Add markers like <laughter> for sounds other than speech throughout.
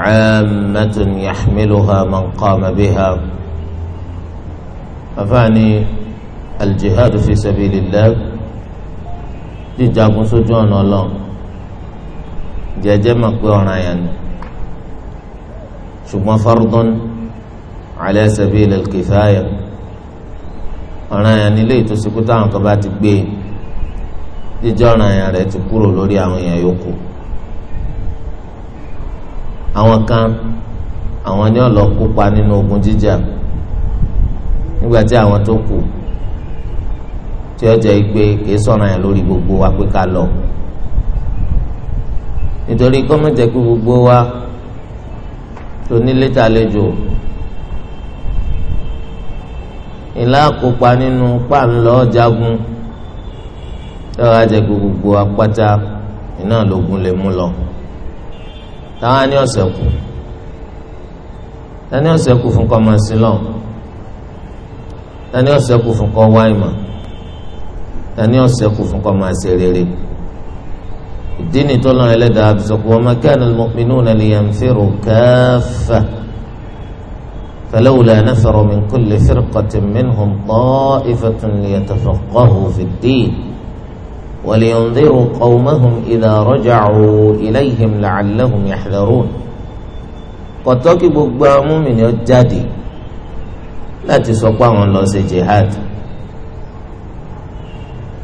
عامة يحملها من قام بها أفاني الجهاد في سبيل الله jíjagun sójú ọ̀nà ọlọ́run jẹjẹ mọ̀ pé ọ̀ràn yẹn ni ṣùgbọ́n fardun ala sabil al-kifaya ọ̀ràn yẹn ni léyìí tó ṣe kú táwọn kan bá ti gbé jíjẹ́ ọ̀ràn yẹn rẹ̀ ti kúrò lórí àwọn èèyàn yòókù àwọn kan àwọn ni ó lọ kópa nínú ogun jíjà nígbà tí àwọn tó kù tí ó jẹ́ pé kìí sọ̀rọ̀ yẹn lórí gbogbo wa pé ká lọ nítorí kọ́mọ̀jẹ́ pé gbogbo wa tó nílé ta lejò ìlà kópa nínú páńlọ́ jagun tí ó wá jẹ́ pé gbogbo apáta iná lógun lè mú lọ táwọn ní ọ̀sẹ̀ kù tani ọ̀sẹ̀ kù fún kọ́ máa sí lọ́n tani ọ̀sẹ̀ kù fún kọ́ wá ìmọ̀ tani ọ̀sẹ̀ kù fún kọ́ máa ṣe rere ìdí ni tọ́lọ́ ẹlẹ́dàá bisọ̀kù wa ma kana al-mu'minuna liyanfiru kaffa falawla nafara min kulli firqatin minhum ta'ifatun liyatafaqqahu fi ddin. ولينذروا قومهم إذا رجعوا إليهم لعلهم يحذرون kọtọkì gbogbo amúmìnì ó jáde láti sọ pé àwọn lọ ṣe jihad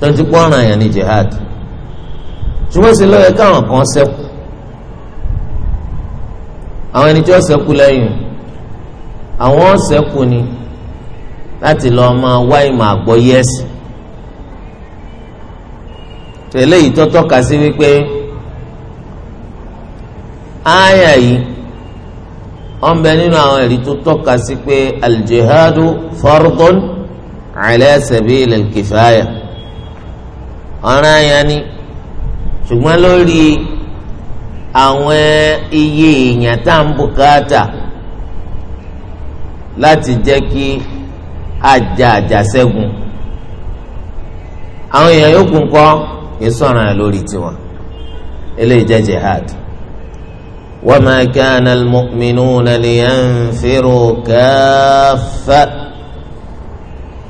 tọ́jú pọ́nrán yẹn ní jihad ṣùgbọ́n sí lọ́yẹ káwọn kan ṣẹ́kù àwọn ẹni tí ó ṣẹ́kù lẹ́yìn àwọn ṣẹ́kù ni láti lọ́ọ́ máa wá ìmọ̀ àgbọ́yé ẹ̀sìn tẹ̀lé yìí tó tọ́ka sí wípé ááyà yìí wọ́n bẹ nínú àwọn ẹ̀rí tó tọ́ka sí pé aljihadu fardun ala sabil alkifaya ọ̀ràn àyà ni ṣùgbọ́n lórí àwọn iye èèyàn tá à ń bùkátà láti jẹ́ kí ajá àjàṣẹ́gun àwọn èèyàn yókùn kọ́ kì í sọ̀rọ̀ ẹ̀ lórí tiwọn eléyìí jẹ́ jihad. وما كان المؤمنون لينفروا كافة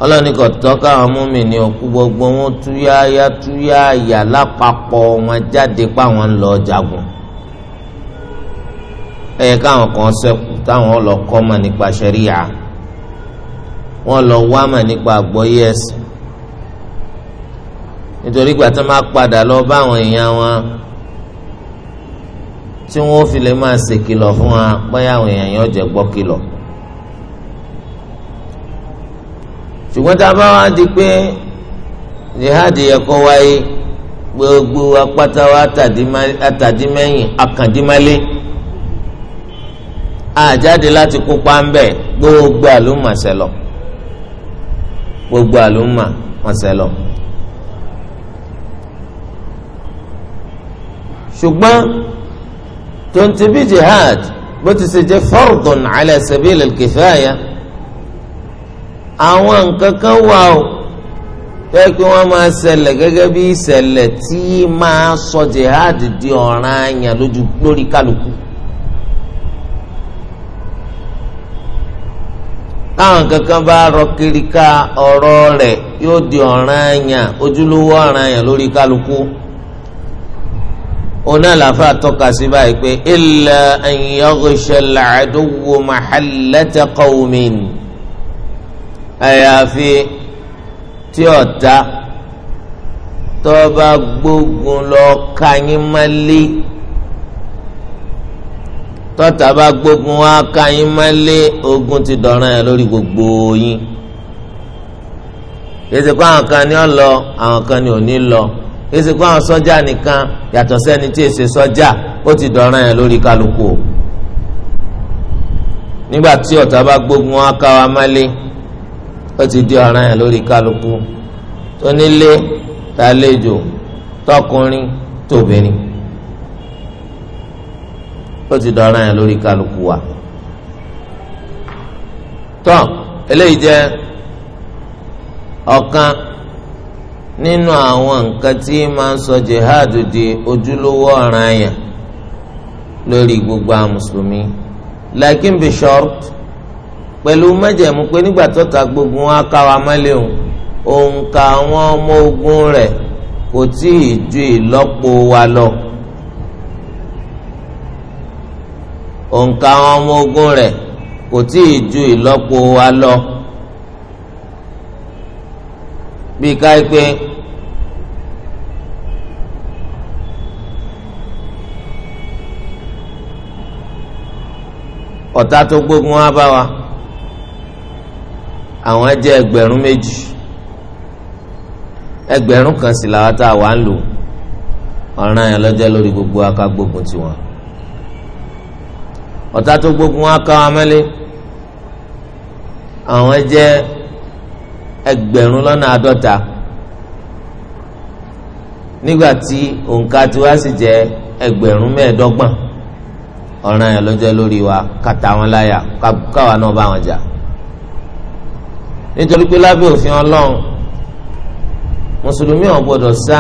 ọlọ́ni kò tọ́ka àwọn mùmínì òkú gbogbo wọn túyáyá túyáyá lápapọ̀ wọn jáde páwọn ń lọ jagun ẹ yẹ káwọn kan ṣẹ́kù táwọn lọ kọ́ mọ̀ nípa ṣẹ́ríà wọ́n lọ wá mọ̀ nípa àgbọ́yé nítorí gbà tí wọ́n máa padà lọ bá àwọn èèyàn wọn tí wọ́n fi lè máa ṣèkìlọ̀ fún wa bóyá àwọn èèyàn yẹn ọ̀jẹ̀ gbọ́ kìlọ̀ ṣùgbọ́n tá a bá wá di pé jihad yẹ kó wáyé gbogbo apáta wa àtàdímẹ́yìn akàndímálé àjáde láti kópa ń bẹ̀ gbogbo àlùmọ̀ ṣẹlọ̀ gbogbo àlùmọ̀ wọn ṣùgbọ́n tontibi jihad bó ti ṣe jẹ́ fardun ala sabil al-kifaya àwọn nǹkan kan wà o fẹ́ kí wọ́n máa ṣẹlẹ̀ gẹ́gẹ́ bí ìṣẹ̀lẹ̀ tí máa sọ jihad di ọ̀ranyàn lójú lórí kálukú. táwọn kankan bá rọ kiri ká ọ̀rọ̀ rẹ̀ yóò di ọ̀ranyàn ojúlówó ọ̀ranyàn lórí kálukú ona lafa tọ́ka sí báyìí pé illa an yaghsha al-aduwwu mahallata qawmin àyàfi tí ọ̀tá tó bá gbógun lọ kanyín málé tọ́tá bá gbógun wá kanyín málé ogun ti dọ̀ràn yẹn lórí gbogbo yín kìí àwọn kan ní ọ àwọn kan ní ò ní èsì kó àwọn sọ́jà nìkan yàtọ̀ sẹ́ni tí èsì sọ́jà ó ti dọ̀ràn yẹn lórí kálukú o nígbà tí ọ̀tá bá gbógun wọn ká wa málé ó ti di ọ̀ràn yẹn lórí kálukú tónílé tàlejò tọkùnrin tóbìnrin ó ti dọ̀ràn yẹn lórí kálukú wa tọ́ eléyìí jẹ́ ọ̀kan nínú àwọn nǹkan tí máa ń sọ jihad di ojúlówó ọ̀ràn àyàn lórí gbogbo àwọn mùsùlùmí lakin bi short pẹ̀lú májẹ̀mú pé nígbà tó ta gbogbo wọn ká wa mọ́lẹ̀ òun òǹkà àwọn ọmọ ogun rẹ̀ kò tí ì ju ìlọ́po wa lọ. òǹkà àwọn ọmọ ogun rẹ̀ kò tí ì ju ìlọ́po wa lọ bí ká pé ọ̀tá tó gbógun wá bá wa àwọn jẹ́ ẹgbẹ̀rún méjì ẹgbẹ̀rún kan sì làwọn tá a wà ń lò ọ̀ràn yẹn lọ́jọ́ lórí gbogbo aká gbógun tiwọn ọ̀tá tó gbógun wá ká wa mẹ́lẹ́ àwọn jẹ́ ẹgbẹ̀rún lọ́nà àádọ́ta nígbà tí òǹkà tiwa sì jẹ́ ẹgbẹ̀rún mẹ́ẹ̀ẹ́dọ́gbọ̀n ọ̀ràn yẹn ló jẹ́ lórí wa kàtà wọn láyà káwa náà bá wọn jà nítorí pé lábẹ́ òfin ọlọ́run mùsùlùmí ò gbọ́dọ̀ sá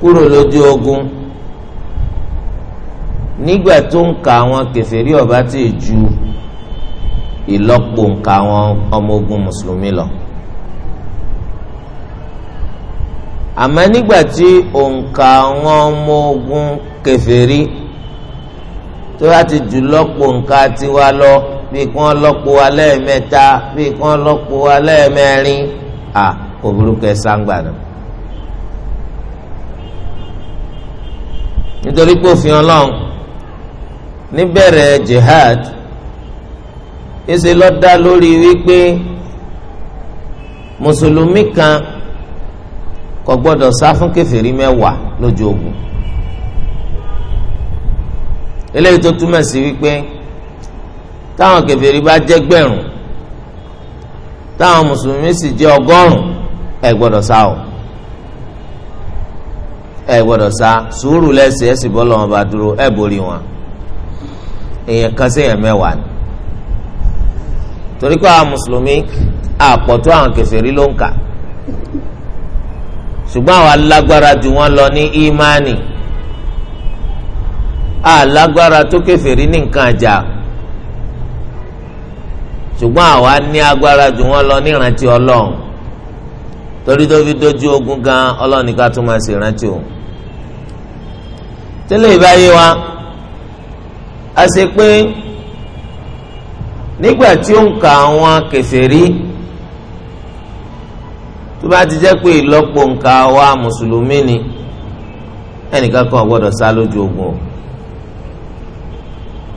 kúrò lójú ogun nígbà tó ń ka àwọn kèfèrí ọba tí ì ju ìlọ́po nǹka àwọn ọmọ ogun mùsùlùmí lọ. àmọ́ nígbà tí òǹkà àwọn ọmọ ogun kèfèrí tó bá ti jù lọ́pọ̀ nǹka tiwa lọ bí kí wọ́n lọ́pọ̀ wa lẹ́ẹ̀mẹ́ta bí kí wọ́n lọ́pọ̀ wa lẹ́ẹ̀mẹ́rin à kò burúkú ẹ sáńgbà náà. nítorí pé òfin ọlọ́run níbẹ̀rẹ̀ jihad ese ló dá lórí wípé mùsùlùmí kan kò gbọ́dọ̀ sá fún kèfèrí mẹ́wàá lójú ogun eléyìí tó túmọ̀ sí wípé táwọn kèfèrí bá jẹ́ gbẹ̀rún táwọn mùsùlùmí sì jẹ́ ọgọ́rùn ẹ gbọ́dọ̀ sá o ẹ gbọ́dọ̀ sá sùúrù lẹ́sẹ̀ ẹ sì bọ́ lọ́wọ́ bá dúró ẹ borí wọn èèyàn kan sí èèyàn mẹ́wàá ni torí pé àwọn mùsùlùmí àpọ̀tó àwọn kèfèrí ló ń kà ṣùgbọ́n àwọn alágbára jù lọ ní ìmánì alágbára tó kèfèrí ní nǹkan àjà ṣùgbọ́n àwa ní agbára ju wọn lọ ní ìrántí ọlọ́run torí tó fi dojú ogun gan ọlọ́run nìkan tó máa ṣe ìrántí o tẹ́lẹ̀ wa a ṣe pé. nígbà tí ó ń ka àwọn kèfèrí tó bá ti jẹ́ pé ìlọ́po nǹka wa mùsùlùmí ni ẹnìkan kan gbọ́dọ̀ sá lójú ogun o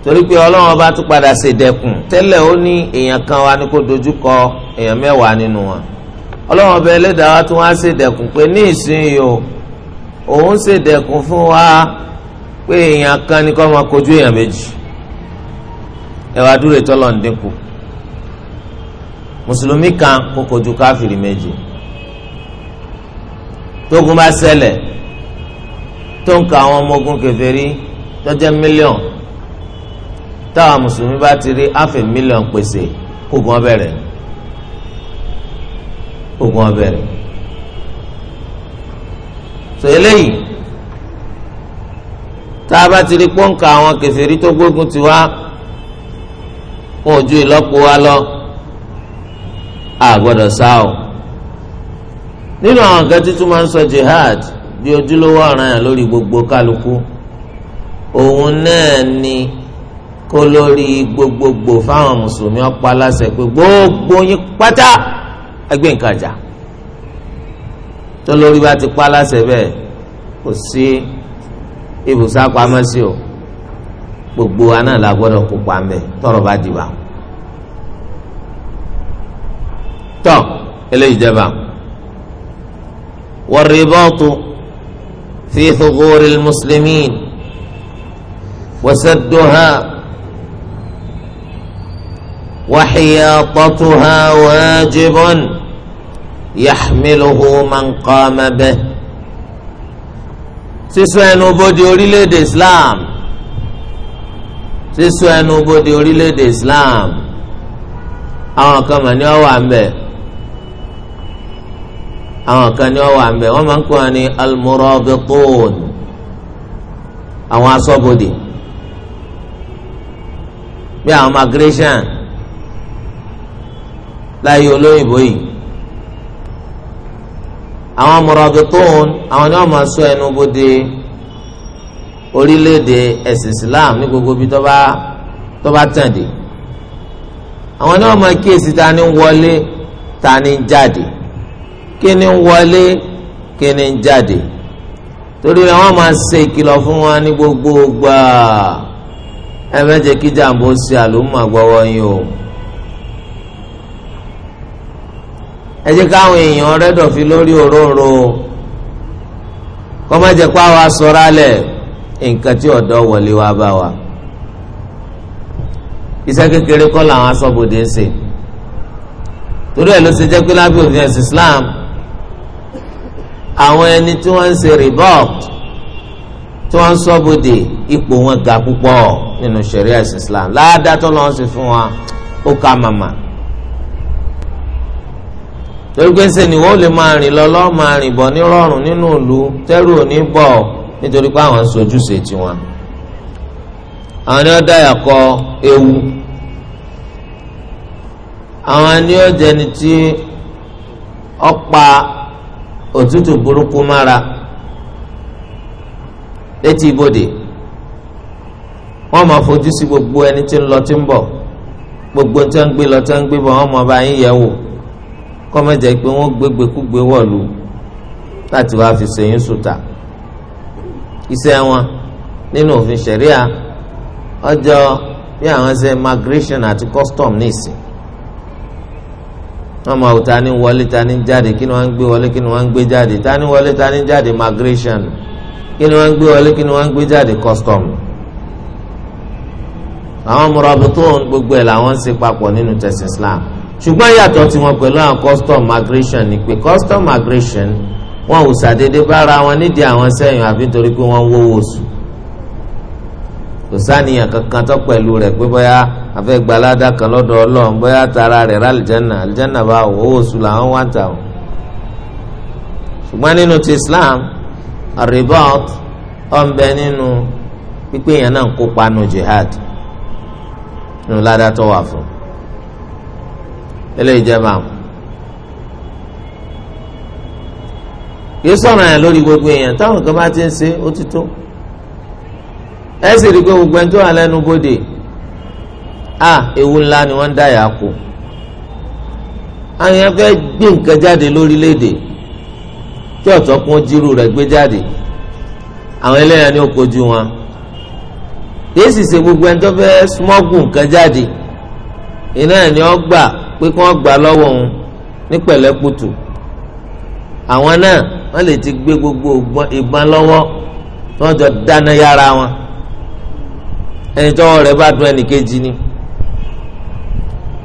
torí pé ọlọ́run ọba tún padà ṣe dẹkùn tẹ́lẹ̀ ó ní èèyàn kan wa ní kó dojú kọ èèyàn mẹ́wàá nínú wọn ọlọ́run ọba ẹlẹ́dàá wa tún wá ṣe dẹkùn pé ní ìsinyìí o òun ṣe dẹkùn fún wa pé èèyàn kan ní kó máa kojú èèyàn méjì ẹwà dúró ìtọ́lọ̀ ń dínkù mùsùlùmí kan kò kojú káfìrí méjì tógun bá ṣẹlẹ̀ tó ń ka àwọn ọmọ ogun kèfèrí tó jẹ́ mílíọ̀n táwọn mùsùlùmí bá ti rí àfẹ mílíọ̀n pèsè kógun ó bẹ̀rẹ̀ kógun ó so eléyìí tá a bá ti rí pọ́ǹkà àwọn kèfèrí tó gbógun tiwa wọn ò wa lọ àgbọ́dọ̀ sá o nínú àwọn nǹkan tuntun máa ń sọ jihad di ojúlówó ọ̀ràn yẹn lórí gbogbo kálukú òun náà ni kó lórí gbogbogbò fáwọn mùsùlùmí ọ̀pá aláṣẹ pé gbogbo yín pátá ẹgbẹ́ nǹkan jà tó lórí bá ti pa aláṣẹ bẹ́ẹ̀ kò sí ibùsọ̀ apamọ́sí o. Si gbogbo aná la gbọ́dọ̀ kópa mbẹ tọrọ bá di wa tọ eléyìí jẹba wàrìbọ́tù fi huquqil muslimin wasadduha wàhíyàtọ̀tuha wàjibọ́n yaxmiluhu manqama bẹ sísọ ẹnu bóde orílẹ̀-èdè Islam sísọ ẹnu bodè orílẹ̀-èdè Islam àwọn kan mà ní ọ wà mbẹ àwọn kan ní ọ wà mbẹ wọn máa ń kó wọn ní almurabitun àwọn asọ́bodè bí àwọn migration láyé olóyìnbó yìí àwọn murabitun àwọn ni wọn máa sọ ẹnu bodè orílẹ̀-èdè ẹ̀sìn Islam ní gbogbo ibi tó bá tó bá tàn dé àwọn náà máa kíyèsí ta ni ń wọlé ta ni ń jáde kí ni ń wọlé kí ni ń jáde torí rẹ̀ wọ́n máa ṣe ìkìlọ̀ fún wa ní gbogbo gbà ẹ mẹ́jẹ kí jàǹbó ṣe àlùmọ̀ gbọ́wọ́ yín o ẹ jẹ́ káwọn èèyàn rẹ́dọ̀fin lórí òróró kọ́ mẹ́jẹ pa wa sọ̀rọ̀ alẹ́ nǹkan tí ọ̀dọ́ wọlé wá bá wa iṣẹ́ kékeré kọ́ làwọn aṣọ́bodè ń ṣe torí ẹ̀ ló ṣe jẹ́ pé lábẹ́ òfin ẹ̀sìn Islam àwọn ẹni tí wọ́n ń ṣe revolt tí wọ́n ń ṣọ́bodè ipò wọn ga púpọ̀ nínú ṣẹ̀ríà ẹ̀sìn Islam ládàtọ́ lọ́wọ́ ṣe fún wa ó ká màmá torí pé ṣe ni wọ́n lè máa rìn lọ lọ́ọ́ máa rìn bọ̀ nírọ̀rùn nínú ìlú tẹ́rù ò ní bọ̀ ọ́ nítorí pé àwọn ń sojúṣe tiwọn àwọn ni ó dáyà kọ ewu àwọn ni ó jẹni tí ó pa òtútù burúkú mára létí ibodè wọ́n máa fojú sí gbogbo ẹni tí ń lọ tí ń bọ̀ gbogbo tí wọ́n ń gbé lọ tí wọ́n gbé bọ̀ wọ́n máa bá yín yẹ̀ wò kọ́ pé wọ́n gbégbé kúgbé wọ̀lú láti wáá fi ṣèyín sùtà iṣẹ́ wọn nínú òfin ṣẹ̀ríà ọjọ́ bí àwọn ṣe migration àti custom ní ìsìn wọn máa wò ta ni wọlé ta ni jáde kí ni wọn ń gbé wọlé kí ni wọn ń gbé jáde ta wọlé ta jáde migration kí ni wọn ń gbé wọlé kí ni wọn ń gbé jáde custom àwọn murabitun gbogbo ẹ̀ làwọn ń ṣe papọ̀ nínú tẹ̀sán Islam ṣùgbọ́n yàtọ̀ tí wọ́n pẹ̀lú àwọn custom migration ni pé custom migration wọn ò ṣàdédé bára wọn nídìí àwọn sẹ́yìn àfi nítorí pé wọ́n ń wówó oṣù kò sáníyàn kankan tó pẹ̀lú rẹ̀ pé bóyá afẹ́ gbalada kan lọ́dọ̀ ọlọ́run bóyá tara rẹ̀ rà àlìjánà àlìjánà bá wò owó oṣù làwọn wá ń tà o ṣùgbọ́n nínú ti Islam arribat ọ̀nbẹ nínú pípé yẹn náà ń kópa nù jihad nínú ládàá tó wà fún eléyìí jẹ́ báwọn. kì í sọ̀rọ̀ yẹn lórí gbogbo èèyàn táwọn kan bá ti ń ṣe ó ti tó ẹ sì rí i pé gbogbo ẹni tó wà lẹ́nu bodè a ewu ńlá ni wọ́n ń dáyà kó àwọn yẹn fẹ́ gbé nǹkan jáde lórílẹ̀‐èdè tí ọ̀tọ̀ kún jírù rẹ̀ gbé jáde àwọn ẹlẹ́yà ni ó kojú wọn kì sì ṣe gbogbo ẹni tó fẹ́ smọ́gùn nǹkan jáde iná ẹ̀ ni ó gbà pé kí wọ́n gbà lọ́wọ́ òun ní pẹ̀lẹ́kùtù àwọn náà wọ́n lè ti gbé gbogbo ìbọn lọ́wọ́ tí wọ́n jọ dáná yára wọn ẹni tọ́wọ́ rẹ̀ bá dùn ẹnì ni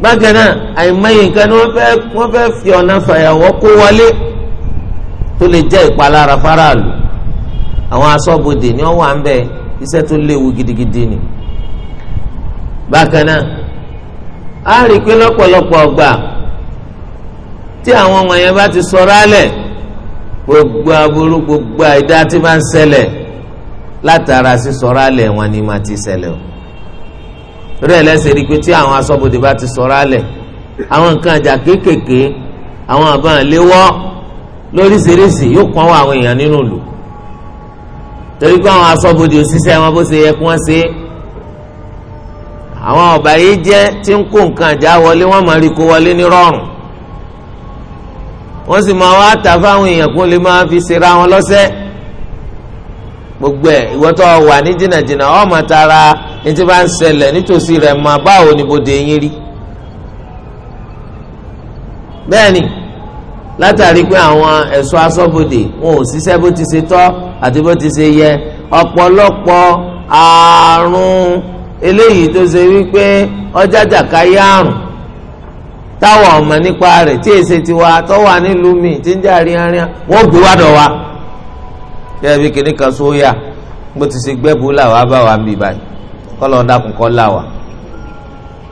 bákan náà àìmọye nǹkan ni wọ́n fẹ́ wọ́n fẹ́ fi ọ̀nà fàyàwọ́ kó wọlé tó lè jẹ́ ìpalára faraàlú àwọn asọ́bodè ni wọ́n wà ń bẹ iṣẹ́ tó léwu gidigidi ni bákan náà a rí i pé lọ́pọ̀lọpọ̀ ọgbà tí àwọn ọmọ yẹn bá ti sọ̀rọ̀ alẹ́ gbogbo aburú gbogbo àìdá tí máa ń ṣẹlẹ̀ látara sísọ̀rọ̀ alẹ̀ wọn ni máa ti ṣẹlẹ̀ o torí ẹ̀ lẹ́sẹ̀ rí i pé tí àwọn aṣọ́bodè bá ti sọ̀rọ̀ alẹ̀ àwọn nǹkan àjà kéékèèké àwọn àbọ̀n léwọ́ lóríṣiríṣi yóò kàn wọ àwọn èèyàn nínú ìlú torí pé àwọn aṣọ́bodè òṣìṣẹ́ wọn bó ṣe yẹ kí wọ́n ṣe é àwọn ọ̀bàyéjẹ́ tí ń kó nǹkan àjà wọlé wọ́n máa rí kó wọlé ní rọrùn wọ́n sì máa wá tà fáwọn èèyàn kó lè máa fi ṣera wọn lọ́sẹ̀ gbogbo ẹ̀ ìwọ tó wà ní jìnnàjìnnà ọ̀ máa tara ní tí bá ń ṣẹlẹ̀ nítòsí rẹ̀ máa báwo ni bòde yín rí bẹ́ẹ̀ ni látàrí pé àwọn ẹ̀ṣọ́ aṣọ́bodè wọn ò ṣiṣẹ́ bó ti ṣe tọ́ àti bó ti ṣe yẹ ọ̀pọ̀lọpọ̀ ààrùn eléyìí tó ṣe wípé ọjà jàkáyé àrùn táwọn ọmọ nípa rẹ tí èsè tiwa tó wà nílùú mi tí ń jà ríanrían wọ́n gbé wá dọ̀ wa. bẹ́ẹ̀ bí kan ti gbẹ́bù bá wa ń bì báyìí kọ́lọ̀ ń dákun kọ́ là wà.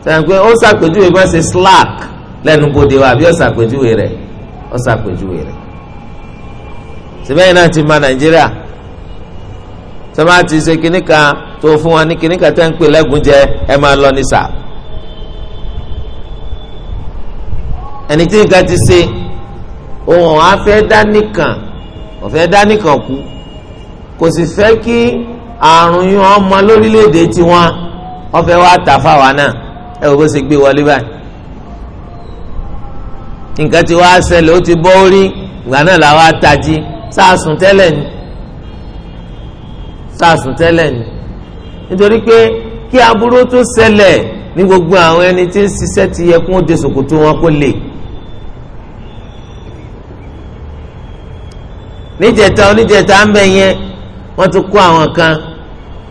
sẹ́yìn ó ṣàpèjúwe bá ṣe slack wa àbí ó ṣàpèjúwe rẹ̀ ó ṣàpèjúwe rẹ̀. síbẹ̀yìn náà ti ma nàìjíríà sọ́mà ti ṣe kìnnì kan tó fún wa ní kìnnì kan tẹ́ ń pè lẹ́gùn jẹ ẹ máa lọ ní sáà ẹni tí nǹkan ti ṣe òun ọ̀hún afẹ́ dá nìkan ọ̀fẹ́ dá nìkan kú kò sì fẹ́ kí àrùn yìí wọn lórílẹ̀‐èdè tiwọn ọ̀fẹ́ wa tà fáwa náà ẹ wò bó ṣe gbé wọlé báyìí nǹkan ti wá ṣẹlẹ̀ ó ti bọ́ orí ìgbà náà làwọn atají sáàsùn tẹ́lẹ̀ ni sáàsùn tẹ́lẹ̀ ni nítorí pé kí aburú tó ṣẹlẹ̀ ní gbogbo àwọn ẹni tí ń ṣiṣẹ́ ti yẹ kó o de sòkòtò wọn kó lè. níjẹta oníjẹta ń bẹ yẹn wọ́n tún kó àwọn kan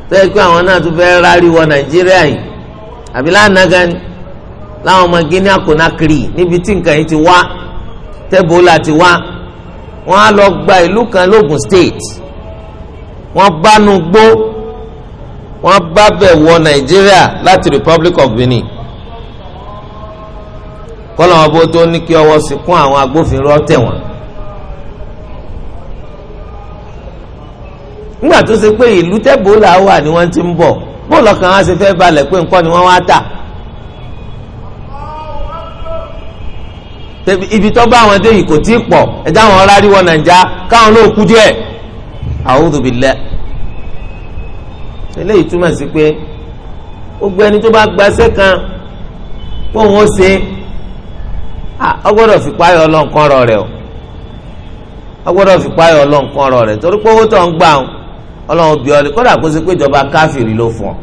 tó yẹ kó àwọn náà tún fẹ́ rárí wọ nàìjíríà yìí àbí lánàá ni láwọn ọmọ Guinea Conakry níbi tí nǹkan yìí ti wá tẹ́bólà ti wá wọ́n á lọ gba ìlú kan lógun state wọ́n bánu gbó wọ́n bá bẹ̀ wọ nàìjíríà láti Republic of Benin kọ́lọ́mọbó tó ní kí ọwọ́ sí kún àwọn agbófinró tẹ̀ ngwa tó ṣe pé ìlú tẹ́bólà wà ni wọ́n ti ń bọ̀ bóòlù ọkàn wọn ṣe fẹ́ balẹ̀ pé nǹkan ni wọ́n wá tà ibi tó bá àwọn dé yìí kò tí ì pọ̀ ẹ̀dá àwọn ọ̀rá wọn nàìjà káwọn ló kú díẹ̀ a'udhu billah eléyìí túmọ̀ sí pé gbogbo ẹni tó bá gbaṣẹ́ kan kó wọn ṣe ọ gbọ́dọ̀ fipá yọ ọlọ́nkán rọ rẹ o ọ gbọ́dọ̀ fipá rọ rẹ torí pé owó ọlọ́run bí ọ lè kódà kó ṣe pé ìjọba káfìrí ló fún ọ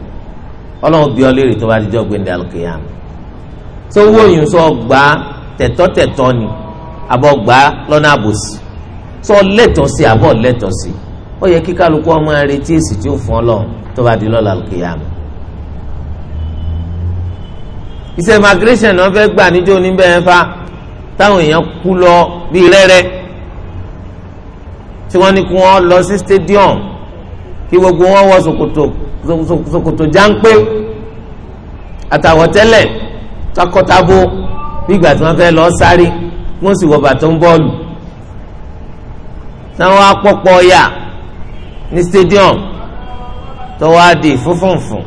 ọlọ́run bí ọ rè tó bá dijọ́ gbé ní alùkìyàm tó owó yìí sọ gbà tẹ̀tọ́tẹ̀tọ́ ni àbọ̀ gbà lọ́nà àbòsí sọ lẹ́tọ̀ọ́ sí àbọ̀ lẹ́tọ̀ọ́ sí ó yẹ kí kálukú ọmọ retí èsì tí ó fún ọlọ́run tó bá di lọ́la alùkìyàm iṣẹ́ migration náà fẹ́ gbà níjó níbẹ̀ fa táwọn èèyàn kú lọ bíi rẹ́rẹ́ tí wọ́n ní kí wọ́n lọ sí stadium kí gbogbo wọn wọ ṣòkòtò ṣòkòtò jáńpé àtàwọ̀tẹ́lẹ̀ takọtabo nígbà tí wọ́n fẹ́ lọ sáré wọ́n sì wọ bàtà ń bọ́ọ̀lù táwọn apọ̀pọ̀ ọ̀yà ní stadium tọwọ́ adì fúnfúnfún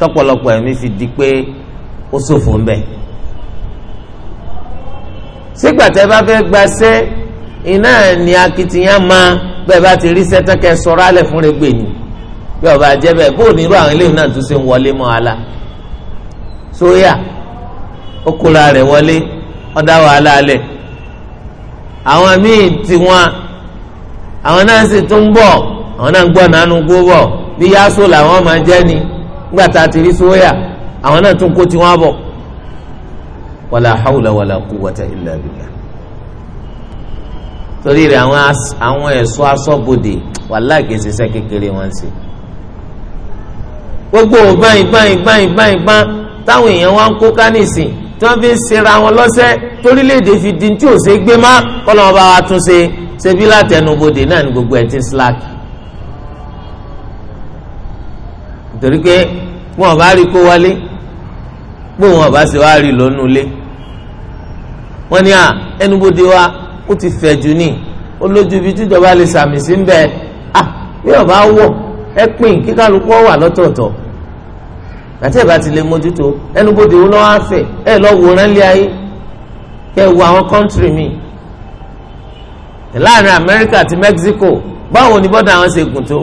tọ̀pọ̀lọpọ̀ ẹ̀mí fi di pé ó ṣòfò ń bẹ. sígbà tẹ́ bá fẹ́ gbaṣẹ́ iná ni akitiyan máa bẹ́ẹ̀ bá ti rí sẹ́tàn kẹ́ sọ̀rọ̀ alẹ́ fún rẹ̀ gbè ní bí ọba jẹ́ bẹ́ẹ̀ bó ní irú àwọn eléyìí náà tún ṣe ń wọlé mọ́ ala sóyà ó kóra rẹ̀ wọlé ọ̀dá wàhálà alẹ̀ àwọn míì tiwọn àwọn náà sì tún ń bọ̀ àwọn náà ń gbọ́ nánú gbó bí yásó làwọn máa jẹ́ ni nígbà tá a ti rí sóyà àwọn náà tún kó tiwọn bọ̀ wàlà hàwùlà wàlà kúwwata illa billah torí rẹ̀ àwọn ẹ̀ṣọ́ aṣọ́bodè wàhálà kìí ṣiṣẹ́ kékeré wọn ṣe gbogbo ìbọn ìbọn ìbọn ìbọn ìbọn táwọn èèyàn wá ń kó kánìsìn tí wọ́n fi ń ṣera wọn lọ́sẹ̀ torílẹ̀-èdè fi di tí ò ṣe gbé má kọ́nà ọba wa tún ṣe ṣebí látẹnubodè náà ní gbogbo ẹ̀ ti síláàkì. torí pé wọn bá rí kó wọlé pé wọn bá ṣe wá rí lónú ilé wọn ni à ẹnubodè wa ó ti fẹ̀ jù ní olójú ibi tíjọba lè sàmì sí ń bẹ ah bí ọba wọ ẹ pín kí kálukú wà lọ́tọ̀ọ̀tọ̀ àti ẹ̀ bá ti lè mójútó ẹnubodè wo lọ́wọ́ àfẹ́ ẹ lọ́ wòran lé ayé kẹ́ ẹ wo àwọn kọ́ńtìrì mi láàrin Amẹ́ríkà àti Mexico báwo ni bọ́dà àwọn ṣe gùn tó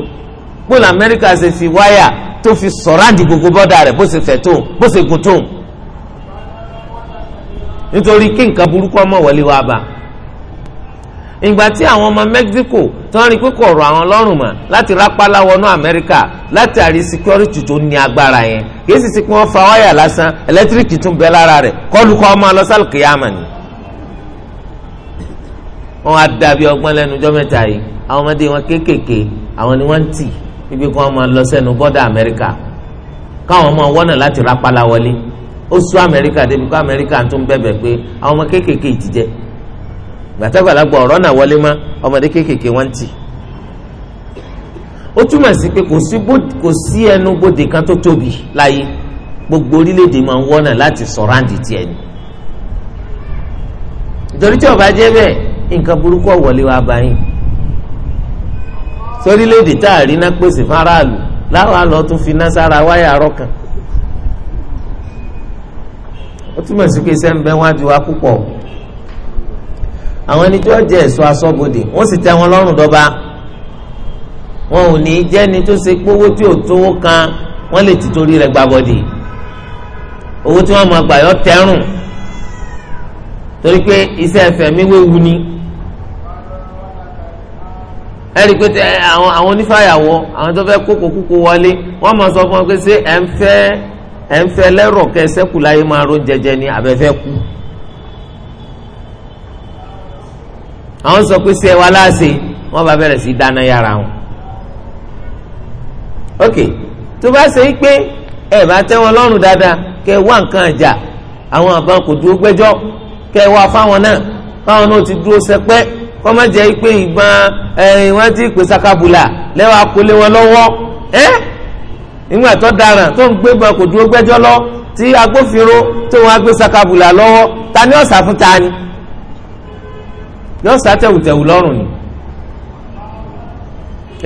bóòlù Amẹ́ríkà ṣe fi wáyà tó fi sọ̀ráǹdì gbogbo bọ́dà rẹ̀ bó ṣe fẹ̀ tó bó ṣe gùn tó nítorí kí nǹkan burúkú ọmọ wọlé wa bá a ìgbà tí àwọn ọmọ Mexico tí wọ́n rí pé kò rọ̀ àwọn lọ́rùn mọ́ láti rápálá wọnú Amẹ́ríkà látàrí security tó ní agbára yẹn kì í sì sí pé wọ́n fa wáyà lásán ẹlẹ́tíríkì tún bẹ lára rẹ̀ kọ́lùkọ́ ọmọ alọ́sàlù kìyàmà ni. wọ́n á dàbí ọgbọ́n lẹ́nu ọjọ́ mẹ́ta yìí àwọn ọmọdé wọn kéékèèké àwọn ni wọ́n ń tì ibi kan ọmọ lọ sẹ́nu bọ́dà Amẹ́ríkà káwọn ọmọ wọ́nà láti rápálá wọlé ó sún Amẹ́ríkà débi kó Amẹ́ríkà tún gbàtàgbàlagbà ọ̀rọ̀ náà wọlé má ọmọdé kéékèèké wọ́n ti ó túmọ̀ sí pé kò sí ẹnu bodè kan tó tóbi láyé gbogbo orílẹ̀-èdè máa ń wọ́nà láti sọ̀rọ̀ àǹdí tiẹ̀ ni tí ó jẹ́ bẹ́ẹ̀ nǹkan burúkú ọ̀wọ́lé wa bá yín sórílẹ̀-èdè tá a rí náà pèsè fún aráàlú láwọn àlọ́ tún fi ná sára wáyà arọ́ kan ó túmọ̀ sí pé sẹ́ńbẹ́ wájú wa púpọ̀ o àwọn ẹni tí wọ́n jẹ́ ẹ̀ṣọ́ aṣọ́bodè wọ́n sì tẹ́ wọn lọ́rùn dọ́ba wọn ò ní jẹ́ ni tó ṣe pé owó tí ò tówó kan wọ́n lè ti torí rẹ̀ gbàbọ̀dè owó tí wọ́n máa gbà yọ tẹ́rùn torí pé iṣẹ́ ẹ̀fẹ̀mí wéwu ni ẹ̀rí pé tẹ àwọn àwọn onífàyàwọ́ àwọn tó fẹ́ kókò kúkò wọlé wọ́n máa sọ fún wọn pé ṣé ẹ̀ ń fẹ́ ẹ̀ ń fẹ́ lẹ́rọ̀ kẹ́ láyé máa ro jẹjẹ ni àbẹ̀fẹ́ kú. àwọn sọ pé sẹ́wà láàṣẹ wọ́n bá bẹ̀rẹ̀ sí dáná yàrá wọn. ok tó bá ṣe é pé ẹ bá tẹ́ wọn lọ́rùn dáadáa kẹ wá nǹkan àjà àwọn àbá kò dúró gbẹ́jọ́ kẹ wá fáwọn náà fáwọn náà ti dúró sẹpẹ́ kọ́ má jẹ́ pé ìbọn ẹ̀yìn wọn ti pè sakabula lẹ́wọ̀ akólé wọn lọ́wọ́ ẹ́ ìgbà tó daràn tó ń gbé bọn kò dúró gbẹ́jọ́ lọ tí agbófinró tó wọn agbé sakabula lọ́wọ́ ta ni ọ̀sà fún ta ni yóò sátẹ̀wùtẹ̀wù lọ́rùn ni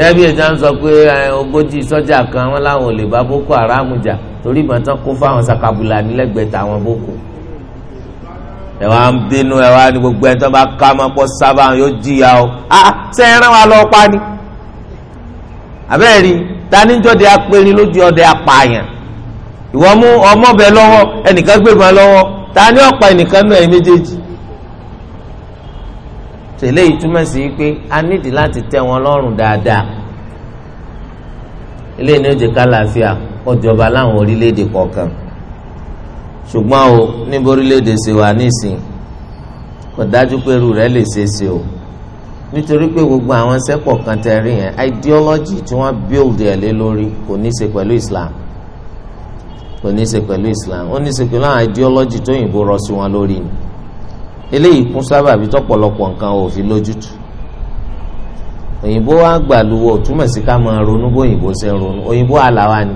ẹbí ẹja ń sọ pé ogójì sọ́jà kan wọn láwọn ò lè bá boko haram jà torí ìbọn tán kó fáwọn sakabula nílẹ̀gbẹ̀ẹ́ táwọn boko ẹ wá ń bínú ẹ wá ní gbogbo ẹ tó bá ká máa pọ sábà yóò jìyà o ah sẹ́yìn rán wa lọ pa ni àbẹ́ẹ̀rí taníjọ́de apẹ̀rin lójú ọdẹ apààyàn ìwọ mú ọmọ bẹ lọ́wọ́ ẹnìkan gbẹ̀gbọ́n lọ́wọ́ ta ọ̀pá ẹnìkan náà ẹ méjèèjì sèlè ìtumọ̀ sí pé a nídìí láti tẹ́ wọn lọ́rùn dáadáa ilé ní ojú kálàáfíà ọjọba láwọn orílẹ̀-èdè kọ̀ọ̀kan ṣùgbọ́n o níbo orílẹ̀-èdè ṣe wà nísìn kò dájú pé irú rẹ̀ lè ṣeé ṣe o nítorí pé gbogbo àwọn sẹ́pọ̀ kan tẹ̀ rí yẹn ideology tí wọ́n build ẹ̀ lé lórí kò ní í ṣe pẹ̀lú Islam kò ní í ṣe pẹ̀lú Islam ó ní í ṣe pẹ̀lú àwọn ideology tó yìnbó rọ sí wọn lórí ni eléyìí kún sábàbí tọ́pọ̀lọpọ̀ nǹkan ò lójútu òyìnbó wa gbàlúwọ túmọ̀ sí ká máa ronú bóyìnbó ṣe ń ronú òyìnbó àlàwà ni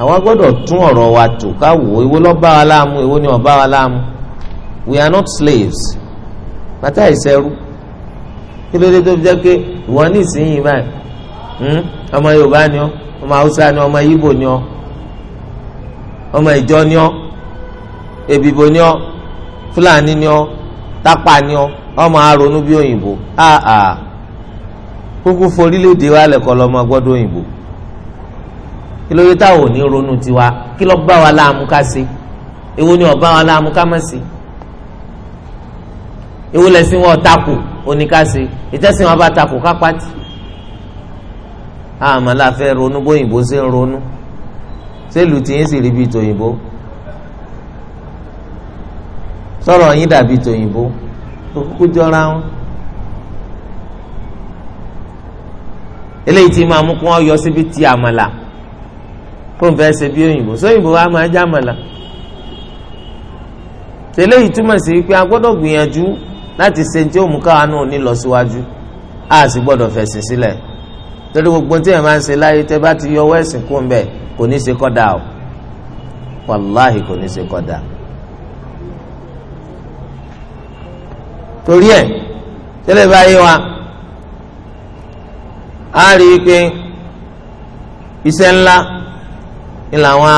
àwọn gbọ́dọ̀ tún ọ̀rọ̀ wa tò ká wò ó èwo ló bá wa láàmú èwo ni ó wa láàmú we are not slaves bàtà ìṣẹ́rú kí ló dé tó fi jẹ́ pé ìwọ ní ìsinyìí báyìí hmm? ọmọ Yorùbá ni ọ ọmọ Haúsá ni ọ ọmọ Yíbò ni ọ ọmọ ìjọ ni ọ èbìbò ni ọ fúlàní ni ọ tápà ni ọ ọmọ aronú bí òyìnbó àà kúkú forílẹ̀-èdè wa lẹ̀kọ́ lọ́mọ gbọ́dọ̀ òyìnbó kí ló yẹ táwọn ò ní ronú tiwa kí ló bá wa láàmú ká ṣe èwo ni ọba wa láàmú ká má ṣe èwo lẹ́sìn wọn takò oníkàṣe ìtẹ́sìn wọn bá takò ká pàtì àmọ́ fẹ́ ronú bóyìnbó ṣe ń ronú ṣé lùtìyín sì rí bíi tòyìnbó sọ̀rọ̀ yín dàbí tòyìnbó kò kúkú jọra wọn. eléyìí ti máa mú kí wọ́n yọ síbi ti àmàlà kó n fẹ́ ṣe bí òyìnbó sóyìnbó wa máa jẹ́ àmàlà. tẹ́lẹ̀ yìí túmọ̀ sí pé a gbọ́dọ̀ gbìyànjú láti ṣe tí ó mú káwọn náà lọ síwájú a sì gbọ́dọ̀ fẹ̀sìn sílẹ̀ torí gbogbo tí ẹ máa ń ṣe láyé tẹ bá ti yọ ọwọ́ ẹ̀sìn kún bẹ́ẹ̀ kò ní í ṣe kódà o wàláhì kò ní í ṣe kódà o. torí ẹ̀ tẹ́lẹ̀ báyìí wa a rí i pé iṣẹ́ ńlá ni làwọn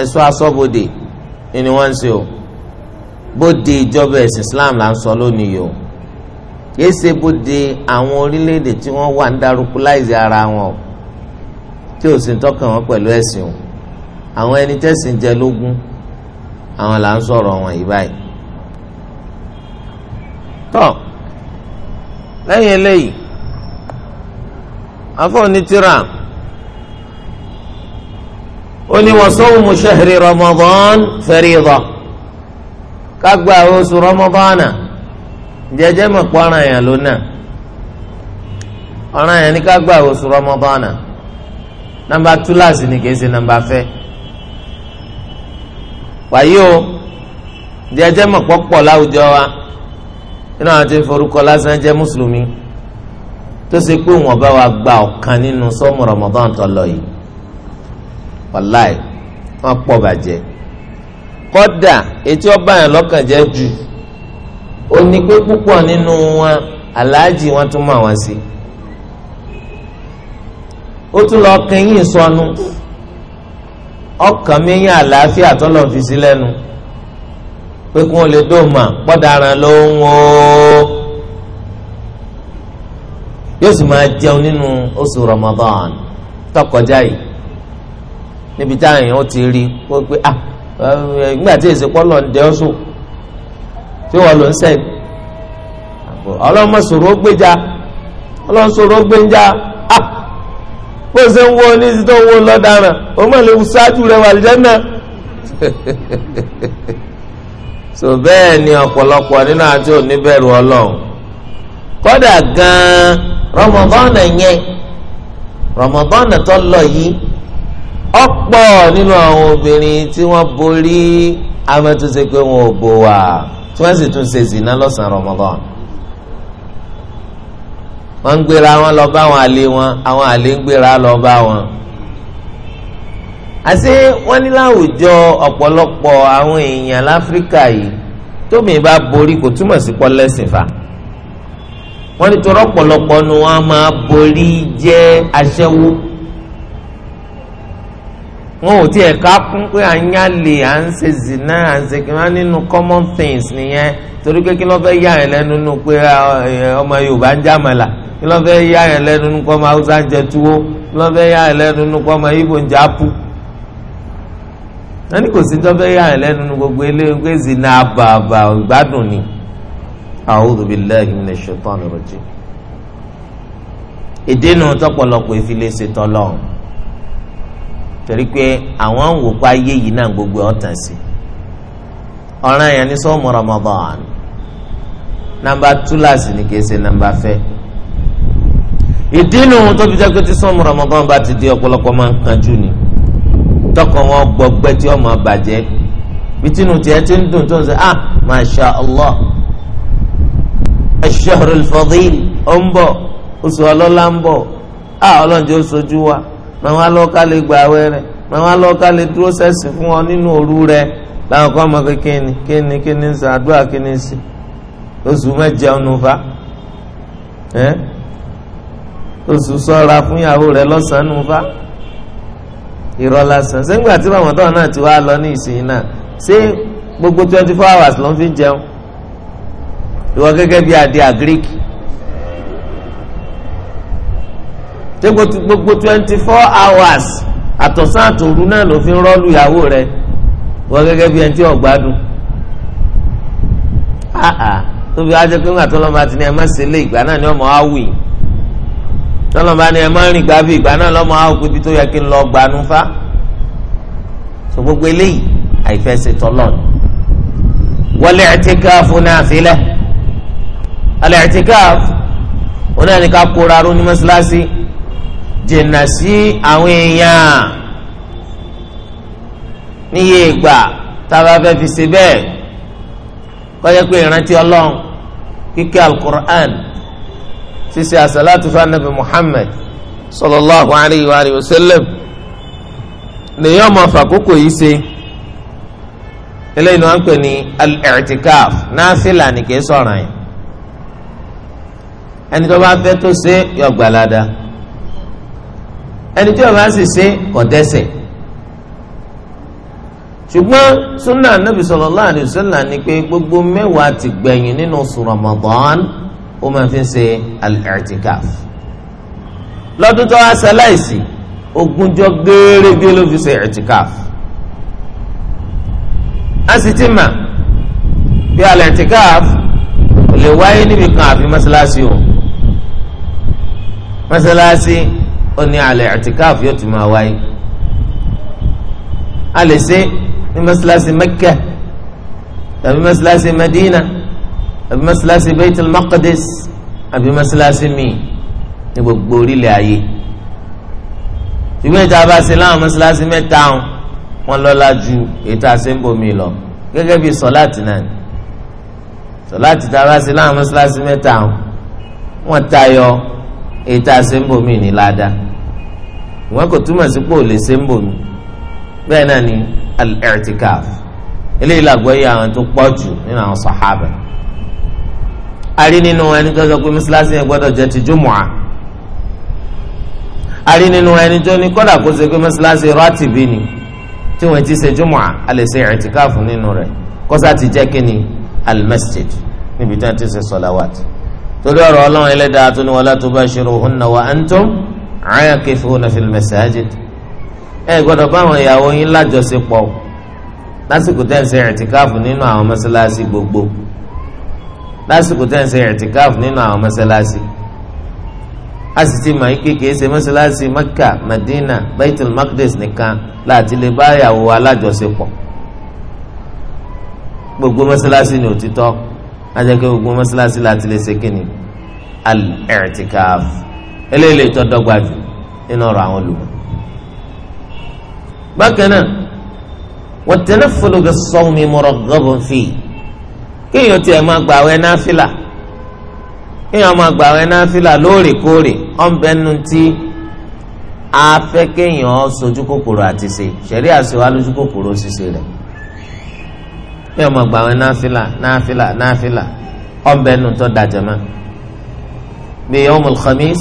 ẹ̀ṣọ́ aṣọ́bodè ni wọ́n ń ṣe o bóde ìjọba ẹ̀sìn Islam là ń sọ lónìí yìí o kìí ṣe bóde àwọn orílẹ̀-èdè tí wọ́n wà ń darúkú láìsí ara wọn o tí ò sì ń tọ́kàn wọn pẹ̀lú ẹ̀sìn o àwọn ẹni tẹ́sìn jẹ lógún àwọn là ń sọ̀rọ̀ wọn yìí báyìí lẹ́yìn eléyìí afọ onítìrà ó ní wa sawmu shahri Ramadan fariida kágbà oṣù Ramadana jẹjẹ mọ̀ pọ̀ ọ̀ràn yẹn lónà ọ̀ràn yẹn ní kágbà oṣù Ramadana nàmbà túláàsì ni kìí nàmbà fẹ́ wàyí o jẹjẹ mọ̀ pọ̀ pọ̀ láwùjọ wa nínú àwọn tí ń forúkọ lásán jẹ́ mùsùlùmí tó ṣe pé wọn bá wa gba ọ̀kan nínú sọ́mu Ramadan tó lọ yìí wàláì wọn pọ̀ bàjẹ́ kọ́dà etí ọba yẹn lọ́kàn jẹ́ jù ó ní pé púpọ̀ nínú wọn aláàjì wọn tún mọ̀ wọn sí ó tún lọ kẹyìn sọnù ọkàn mi yín àlàáfíà tó lọ́n fi sí lẹ́nu. pé kí wọ́n lè dóòmà pọ́dáran ló ń wó yóò sì máa jẹun nínú oṣù Ramadan tọkọjá yìí níbi táwọn èèyàn ti rí ó pé a nígbà tí èsì pọ́lọ̀ ń dẹ ọ́ tí wọ́n lò ń sẹ́yìn ọlọ́mọ sòrò ó gbéjà ọlọ́mọ sòrò ó gbéjà ah bó ṣe ń wo oníṣìí tó ń wo lọ́daràn ó mọ̀ lè wù sáájú rẹ̀ wà lẹ́nà. <laughs> so bẹ́ẹ̀ ni ọ̀pọ̀lọpọ̀ nínú àti oníbẹ̀rù ọlọ́run kódà gan-an rọmọbọ́nà yẹn rọmọbọ́nà tó lọ yìí ọ̀pọ̀ nínú àwọn obìnrin tí wọ́n borí amẹ́tọ́sẹ́ pé wọn ò bò wá tí wọ́n sì tún ṣe zìnà lọ́sàn-án rọmọbọ́nà wọ́n ń gbéra wọn lọ bá àwọn àlè wọn àwọn àlè ń gbéra lọ bá wọn àti wọ́n ní láwùjọ ọ̀pọ̀lọpọ̀ àwọn èèyàn láfíríkà yìí tómi bá borí kò túmọ̀ sí pọ́lẹ́sìn fa wọ́n ní torọ́ ọ̀pọ̀lọpọ̀ nu wọn máa borí jẹ́ aṣẹ́wó wọn ò tiẹ̀ ká kún pé à à ń ṣe zina à ń ṣe kí wọ́n nínú common things nìyẹn torí pé kí ló fẹ́ yà yẹn lẹ́nu nù pé ọmọ Yorùbá ń já màlà kí ló fẹ́ yà yẹn lẹ́nu nù kọ́ ọmọ Haúsá ń jẹ túwó kí ló fẹ́ yà yẹn lẹ́nu nù kọ́ ọmọ Ìgbò ń jẹ ápù wọn ní kò sí tọ́fẹ́ yà ẹ̀ lẹ́nu ní gbogbo eléyìí pé zina àbàbà ìgbádùn ni a'udhu billahi minash shaitani rajim ìdènà tọpọlọpọ ìfilé ṣetán lọ́hùn torí pé àwọn ń wò pa ayé yìí náà gbogbo ọ̀tàn sí ọ̀ràn yẹn ní sọ́ọ̀mù Ramadan nàmbà túláàsì ni kì í ṣe nàmbà fẹ́ ìdènà tó fi jẹ́ pé tí sọ́ọ̀mù Ramadan bá ti di ọ̀pọ̀lọpọ̀ máa ń kanjú ni. tọkọ wọn gbọgbẹ́ tí ọmọ bàjẹ́ bitinu ti ń dùn tó ń sọ ah masha allah ash-shahru ó ń bọ oṣù ọlọ́lá ń bọ̀ ah ọlọ́njẹ́ ó sojú wa màá wá lọ́ọ́ ká lè gbà àwẹ̀ màá wá lọ́ọ́ ká lè dúró sẹ́sì fún ọ nínú òru kọ́ ọmọ irọ́ lásán ṣé ńgbà tí ramadan náà ti wá lọ ní ìsìn náà ṣé gbogbo twenty four hours ló ń fi jẹun ìwọ gẹ́gẹ́ bí adé agric gbogbo twenty four hours àtọ̀sán àtòru náà ló fi ń rọ́ọ̀lù ìyàwó rẹ ìwọ gẹ́gẹ́ ẹni tí gbádùn pé ńgbà tó lọ́ọ́ ti ní ẹ má ṣe lé tọ́lọ́ bá ní ẹ máa ń rìn gbàbí ìgbà náà lọ́mọ àwọn òkú ibi tó yẹ kí n lọ gbanú fá so gbogbo eléyìí àìfẹsẹ̀ tọ́lọ̀ wọlé ẹ̀tíkáàfù náà sílẹ̀ alẹ́ ẹ̀tíkáàfù onáà ní ká kóra ró ní mọ́ṣáláṣí jìnnà sí àwọn èèyàn níyì ìgbà táwa fẹ́ fi ṣe bẹ́ẹ̀ kọ́jọ́ pé ìrántí ọlọ́run kíkẹ́ alukur'an ṣíṣe àṣàlátù fanabi Muhammad sallallahu alayhi wa alihi wa sallam lèyìn ọmọ fàkókò yìí ṣe eléyìí ni wọn ń pè ní al-i'tikaf náfìlà ní kìí sọ̀ràn yìí ẹni tó bá fẹ́ tó ṣe yọ gbalada ẹni tí ó bá sì ṣe ṣùgbọ́n sunna anabi sallallahu alayhi wa sallam ni pé gbogbo mẹ́wàá ti gbẹ̀yìn nínú oṣù Ramadan ó máa fi ń ṣe al-i'tikaf lọ́dún tó wá ṣaláìsí ogúnjọ́ gẹ́gẹ́ ló fi ṣe i'tikaf a sì ti mà bí al-i'tikaf kò lè wáyé níbi kan àfi mọ́ṣáláṣí o mọ́ṣáláṣí ó ní al-i'tikaf yóò tún máa wáyé a lè ṣe ní mọ́ṣáláṣí Mẹ́kà tàbí mọ́ṣáláṣí Mẹ́dínà àbí mọ́sálásí Baitul Maqdis àbí mọ́sálásí míì ní gbogbo orílẹ̀ ayé ṣùgbọ́n ìta bá ṣe láwọn mọ́sálásí mẹ́ta wọn lọ́la ju ètò àṣẹ́ńbọ̀mí lọ gẹ́gẹ́ bí sọ́láàtì náà sọ́láàtì tá a bá ṣe láwọn mọ́sálásí mẹ́ta wọn tayọ ètò àṣẹ́ńbọ̀mí ní ládàá ìwọ́n kò túmọ̀ sí pé lè ṣẹ́ńbọ̀mí bẹ́ẹ̀ náà ni al-i'tikaf eléyìí làgbọ́yé àwọn tó pọ̀ jù nínú àwọn sàhábà a rí nínú ẹni tó sọ pé mọ́sálásí yẹn gbọ́dọ̀ jẹ́ ti jùmọ̀á a rí nínú ẹni tó ní kọ́dà kó ṣe pé mọ́sálásí rátìbí ni tí wọ́n ti ṣe jùmọ̀á a lè ṣe ìtìkáàfù nínú rẹ̀ kọ́sà ti jẹ́ kí ni almasjid níbi tí wọ́n ti ṣe sọ̀làwàt torí ọ̀rọ̀ ọlọ́run ẹlẹ́dàá tó ní wala tubashiruhunna wa antum aakifuna fil masajid ẹ gbọ́dọ̀ báwọn ìyàwó yín lájọṣepọ̀ lásìkò tẹ́ ń ṣe ìtìkáàfù nínú àwọn mọ́sálásí lásìkò tẹ́ ń ṣe ẹ̀tìkáàfù nínú àwọn mọ́sálásí a sì ti mọ̀ yí kékeré ṣe mọ́sálásí Mẹ́kà Madina Baitul Maqdis nìkan láti lè bá ìyàwó alájọṣepọ̀ gbogbo mọ́sálásí ni òtítọ́ ajẹ́kẹ́ gbogbo mọ́sálásí láti lè ṣe kíni al-ẹ̀tìkáàfù eléyìí lè tọ́ dọ́gba jù nínú àwọn olùkọ́ bákan náà wọ́n tẹ́lẹ̀ fọlọ́gẹ́ sọ́wọ́n mi mọ́rọ̀ gọ́bọ̀n fìyì kéèyàn tiẹ̀ máa gbà wẹ̀ náfìlà kéèyàn máa gbà wẹ̀ náfìlà lóòrèkóòrè ọ̀nbẹ́nu tí a fẹ́ kéèyàn sojú kòkòrò àti ṣe ṣẹ̀rí àṣewá lójú kòkòrò ṣiṣe rẹ̀ kéèyàn máa gbà wẹ̀ náfìlà náfìlà náfìlà ọ̀nbẹ́nu tó dàjẹ́ mọ́ bíi yọmul khamis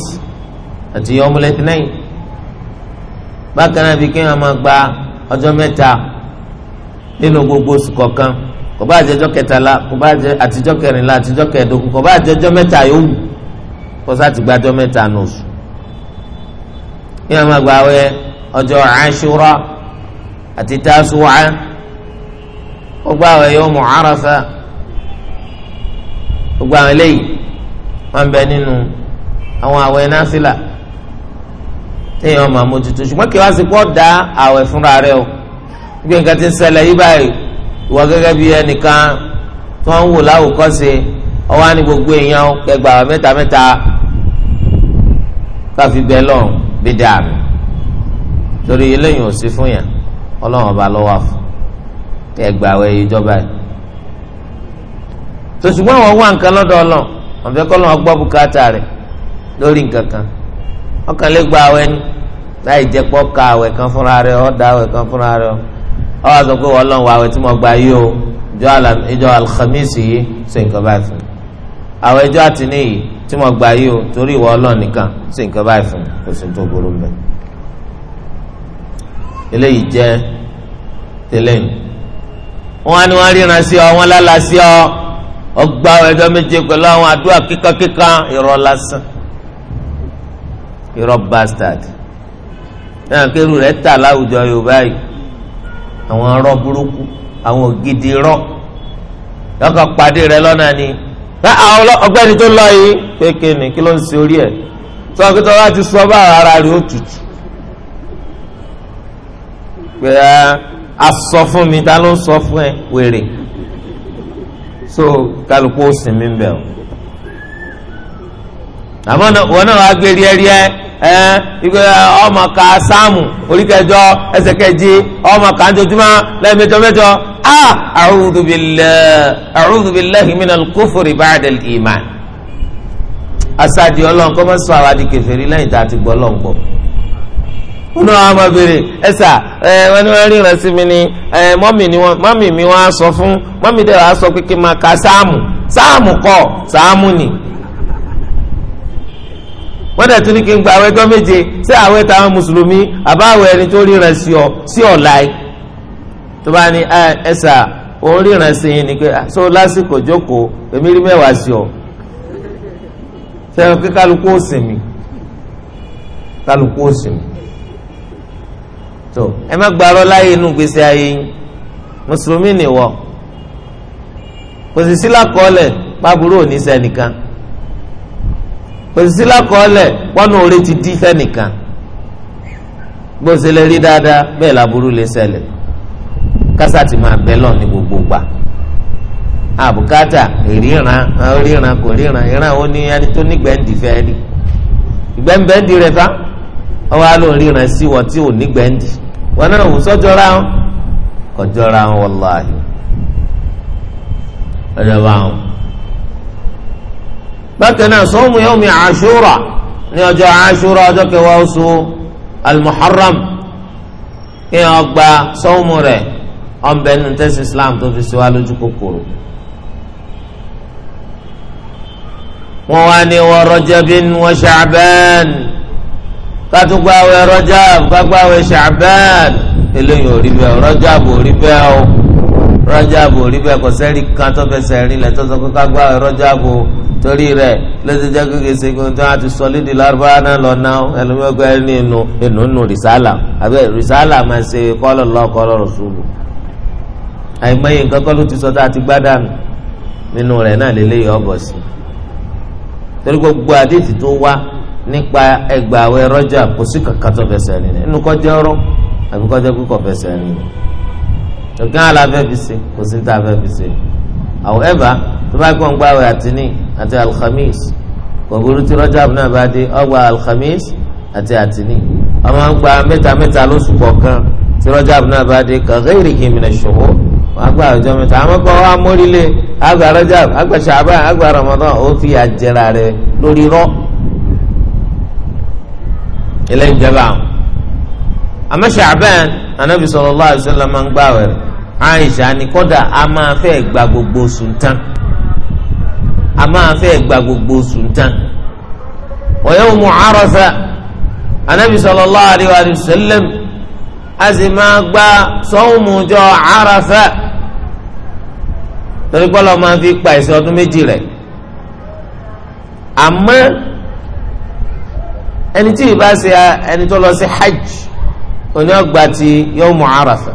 àti yọmul ẹtìnẹ́yìn bákan náà bíi kéèyàn máa gba ọjọ́ mẹ́ta nínú gbogbo oṣù kọ̀ọ̀kan kò bá jẹ́ ọjọ́ kẹtàlá kò bá jẹ́ àtijọ́ kẹrìnlá àtijọ́ kẹẹ̀dógún kò bá jẹ́ ọjọ́ mẹ́ta yòówù kó sá ti gbàjọ́ mẹ́ta nù oṣù. kí wọ́n máa gba àwẹ̀ ọjọ́ àṣúrà àti tásùwà ó gba àwẹ̀ yawmu àràfà ó gba àwọn eléyìí bẹ nínú àwọn àwẹ̀ náfìlà téèyàn máa mójútó ṣùgbọ́n kí wọ́n sì pọ̀ dá àwẹ̀ fúnra rẹ̀ o gbé ti ń ṣẹlẹ̀ yí báyìí ìwọ gẹ́gẹ́ bí ẹnìkan tó ń wò láwùkọ́ṣe ọwọ́ á ní gbogbo èèyàn kẹgbà mẹ́ta mẹ́ta káfí bẹ́ẹ̀ lọ bí dáa mi torí eléyìí ò sí fún yàn ọlọ́run ọba lọ́wọ́ àfọ kẹgbà wẹ̀ ìjọba yìí tòṣùgbọ́n àwọn wà nǹkan lọ́dọ̀ ọlọ́run wọn fẹ́ kọ́ lọ́wọ́ gbọ́ bùkátà rẹ̀ lórí nǹkan kan ọkàn lè gba àwẹ̀ ni láì jẹ́ pọ́ ka àwẹ̀ kan fúnra rẹ̀ ọ́ da àwẹ̀ kan fúnra rẹ̀ ọ́ ọwọ́ àzọ pé wọ́n lọ́n wọ àwẹ̀ tí mo gba yìí o ìjọ alhamisi yìí ṣe nǹkan báyìí fún mi àwẹ̀ ìjọ àtìní yìí tí mo gba yìí o torí ìwọ ọlọ́ọ̀ nìkan ṣe nǹkan báyìí fún mi kò sí tó burú mẹ́. eléyìí jẹ́ tẹ́lẹ̀yìn wọ́n á ní ríran sí ọ wọ́n lálàá sí ọ ọgbà ẹjọ́ méje pẹ̀lú àwọn àdúrà kíkankíkan irọ́ lásán irọ́ bastard náà kérù rẹ̀ tà láwùjọ Yorùbá yìí àwọn ọ̀rọ̀ burúkú àwọn ògidì rọ lọkọ pàdé rẹ lọ́nà ni ọ̀gbẹ́ni tó lọ yìí kéèké ni kí ló ń ṣe orí ẹ tó ọkọ tó wá ti sọ bá ara rẹ ó tutù pé a sọ fún mi ta ló ń sọ fún ẹ wèrè so kálukú ó sinmi bẹ́ẹ̀ o àmọ́ wọn náà wá gbé rí ẹ rí ẹ ẹ ìgbẹ́ ọmọ ká sáàmù oríkẹjọ ẹsẹ̀ kẹje ọmọ ká njojúmọ́ lẹ́ẹ̀mẹjọ mẹjọ a a'udhu billahi a'udhu billahi minal kufri ba'dal iman. asáàdì ọlọ́run kọ́ mọ́ sọ àwọn adìgẹ fèrè lẹ́yìn tá a ti gbọ́ ọlọ́run gbọ́. wọn náà máa béèrè ẹsà ẹ wọn ni wọn ríran sí mi ni ẹ mọ́mì ni wọn mọ́mì mi wọn á sọ fún mọ́mì dẹ̀ á sọ pé kí n máa ká sáàmù sáàmù kọ́ sáàmù ni wọ́n dẹ̀ tún ní kí n gba àwẹ̀ ọjọ́ méje sí àwẹ̀ táwọn mùsùlùmí àbá àwẹ̀ ẹni tó ríran sí ọ sí ọ̀la yìí tó bá ní ẹ̀sà òun ríran sí yín ni pé ah, so lásìkò jókòó èmi rí mẹ́wàá sí ọ sẹ́wọ̀n kí kálukú ó sinmi kálukú ó sinmi tó ẹ má gbarọ́ láyé inú gbèsè ayé yín mùsùlùmí nìwọ kò sì sí lákọọ́lẹ̀ pàbùrù òní sẹ́nìkan. òsìsì lákọọ́lẹ̀ pọ́nù orí ti di fẹ́nìkan bó ṣe lè rí dáadáa bẹ́ẹ̀ láburú lè ṣẹlẹ̀ kásá ti máa bẹ́ lọ́ọ̀ ní gbogbo gbà àbùkátà ìríran ríran kò ríran ìran ó ní ẹni tó nígbẹ̀ǹdì fẹ́ rí ìgbẹ̀ǹbẹ̀ǹdì rẹ̀ fa ọwọ́ á ríran sí wọn tí ò nígbẹ̀ǹdì wọn náà wò wọn bákan náà sọ́mu yawmi àṣúra ní ọjọ́ àṣúra ọjọ́ kẹwàá oṣù almuharram kí wọ́n gba sọ́mu rẹ̀ ọ̀nbẹ nínú tẹ́sí islam tó fi síwá lójú kòkòrò. wọ́n wá ní wọ́n rọ́jàbín wọ́n ṣàbẹ́ẹ̀n kátúgbàwẹ̀ rọ́jàb kágbàwẹ̀ ṣàbẹ́ẹ̀n eléyìí ò rí bẹ́ẹ̀ rọ́jàb ò rí bẹ́ẹ̀ o rọ́jàb ò rí bẹ́ẹ̀ kò sẹ́rí kan tó fẹsẹ̀ rí lẹ́tọ́ sọ pé kágbàwẹ̀ rọ́jàb torí rẹ̀ lọ́sọ̀jọ́ kékeré ṣègùn tí wọ́n ti sọ lédè lárúbáwá náà lọ náà ẹlòmíràn ọgbà ẹni inú inú nù rìsálà àbẹ rìsálà máa ṣe kọ́lọ̀ lọ́ kọ́lọ̀ rọ̀ṣùlù àìmọye nǹkan kọ́ ló ti sọ tá a ti gbádànù nínú rẹ̀ náà lélẹ́yìí ọ̀bọ̀ sí torí gbogbo àdéhìí tó wá nípa ẹgbàáwé rọ́jà kò sí kankan tó fẹsẹ̀ nílẹ̀ inú kọjá ọ̀rọ̀ àbí kọjá kúkọ fẹsẹ̀ nílẹ̀ ọ̀gá àlàfẹ́ fi ṣe kò sí tá a fẹ́ fi ṣe however tó bá gbọ́n gba àwẹ̀ àtìní àti alhamis kò burú tí rọ́jà náà bá dé ọgbà alhamis àti àtìní ọmọ ń gba mẹ́ta mẹ́ta lóṣù kọ̀ọ̀kan tí rọ́jà náà bá dé kàgéèrè kí mìíràn ṣòwò wọn àgbà àjọ mẹ́ta àwọn kan wà mórílẹ̀ àgbà rọ́jà àgbà ṣàbà àgbà ramadan ó fi àjẹrà rẹ lórí rọ́ ilé ìjọba àmọ́ ṣàbà anabi sallallahu alaihi wasallam máa ń gbà wẹ̀rẹ̀ Aisha ni kódà a máa fẹ́ gba gbogbo sùntàn a máa fẹ́ gba gbogbo sùntàn wa yawmu Arafa anabi sallallahu alayhi wa sallam a sì máa gba sọ́wọ́mùjọ Arafa torí pọ́lọ́ máa fi pa ẹ̀sìn ọdún méjì rẹ̀ àmọ́ ẹni tí ì bá ṣe ẹni tó lọ sí hajj oní ọgbà ti yawmu Arafa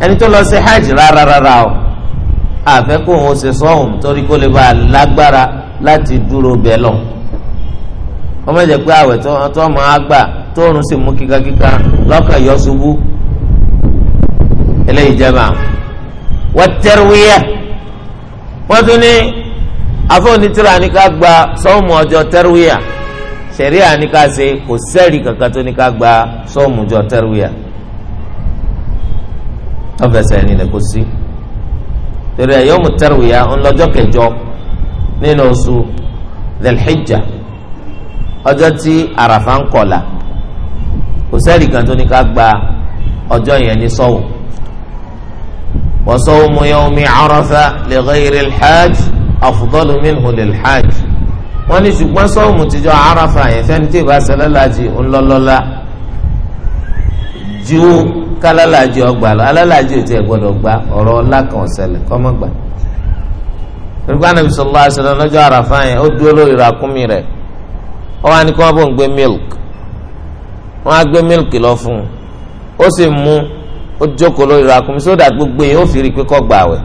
ẹni tó lọ sí hajj rárá rárá o àfẹ́ kó òun ṣe sọ́hùn torí kó lè bá a lágbára láti dúró bẹ́ẹ̀ lọ. wọ́n mẹ́jẹ̀ pé àwẹ̀ tó ọmọ àgbà tóorùn sì mú kíkakíka lọ́kàn yọ ṣubú eléyìí jẹba wọ́n tẹ́rùwíyà wọ́n tún ní afọ́nitìrà ní ká gba sọ́ọ̀mù ọjọ́ tẹ́rùwíyà ṣẹ̀ríà ní ká ṣe kò sẹ́ẹ̀rì kankan tó ní ká gba sọ́ọ̀mù ọjọ́ tẹ́rùwíyà ọ̀fẹ̀sẹ̀ ẹni lè kó sí torí ẹ̀ yawmu tarwiya ńlọ́jọ́ kẹjọ nínú oṣù lẹ́lẹ́jà ọjọ́ tí àràfà ń kọ̀la kò sẹ́ẹ̀lì kan tó ní ká gba ọjọ́ yẹn ní sọ́wọ́ wa sawmu yawmi Arafa li ghayri hajj afdalu minhu lil wọ́n ní ṣùgbọ́n sọ́wọ́mù tìjọ́ àràfà yẹn fẹ́ni tí ì láti ńlọ́lọ́lá ju kálálàájú ọgbà lọ alálàájú tiẹ̀ gbọ́dọ̀ gba ọ̀rọ̀ ọlá kan ọ̀sẹ̀lẹ̀ kọ́mọ́ gbà. rúbá nàbí sọlá àṣẹlẹ lọ́jọ́ àràfà yẹn ó dúró lórí ràkúnmí rẹ̀ ó wá ní kí wọ́n bò ń gbé milk wọ́n á gbé milk lọ fún un ó sì mú ó jókòó lórí ràkúnmí sódà gbogbo yìí ó fi rí i pé kọ́ gbà wẹ̀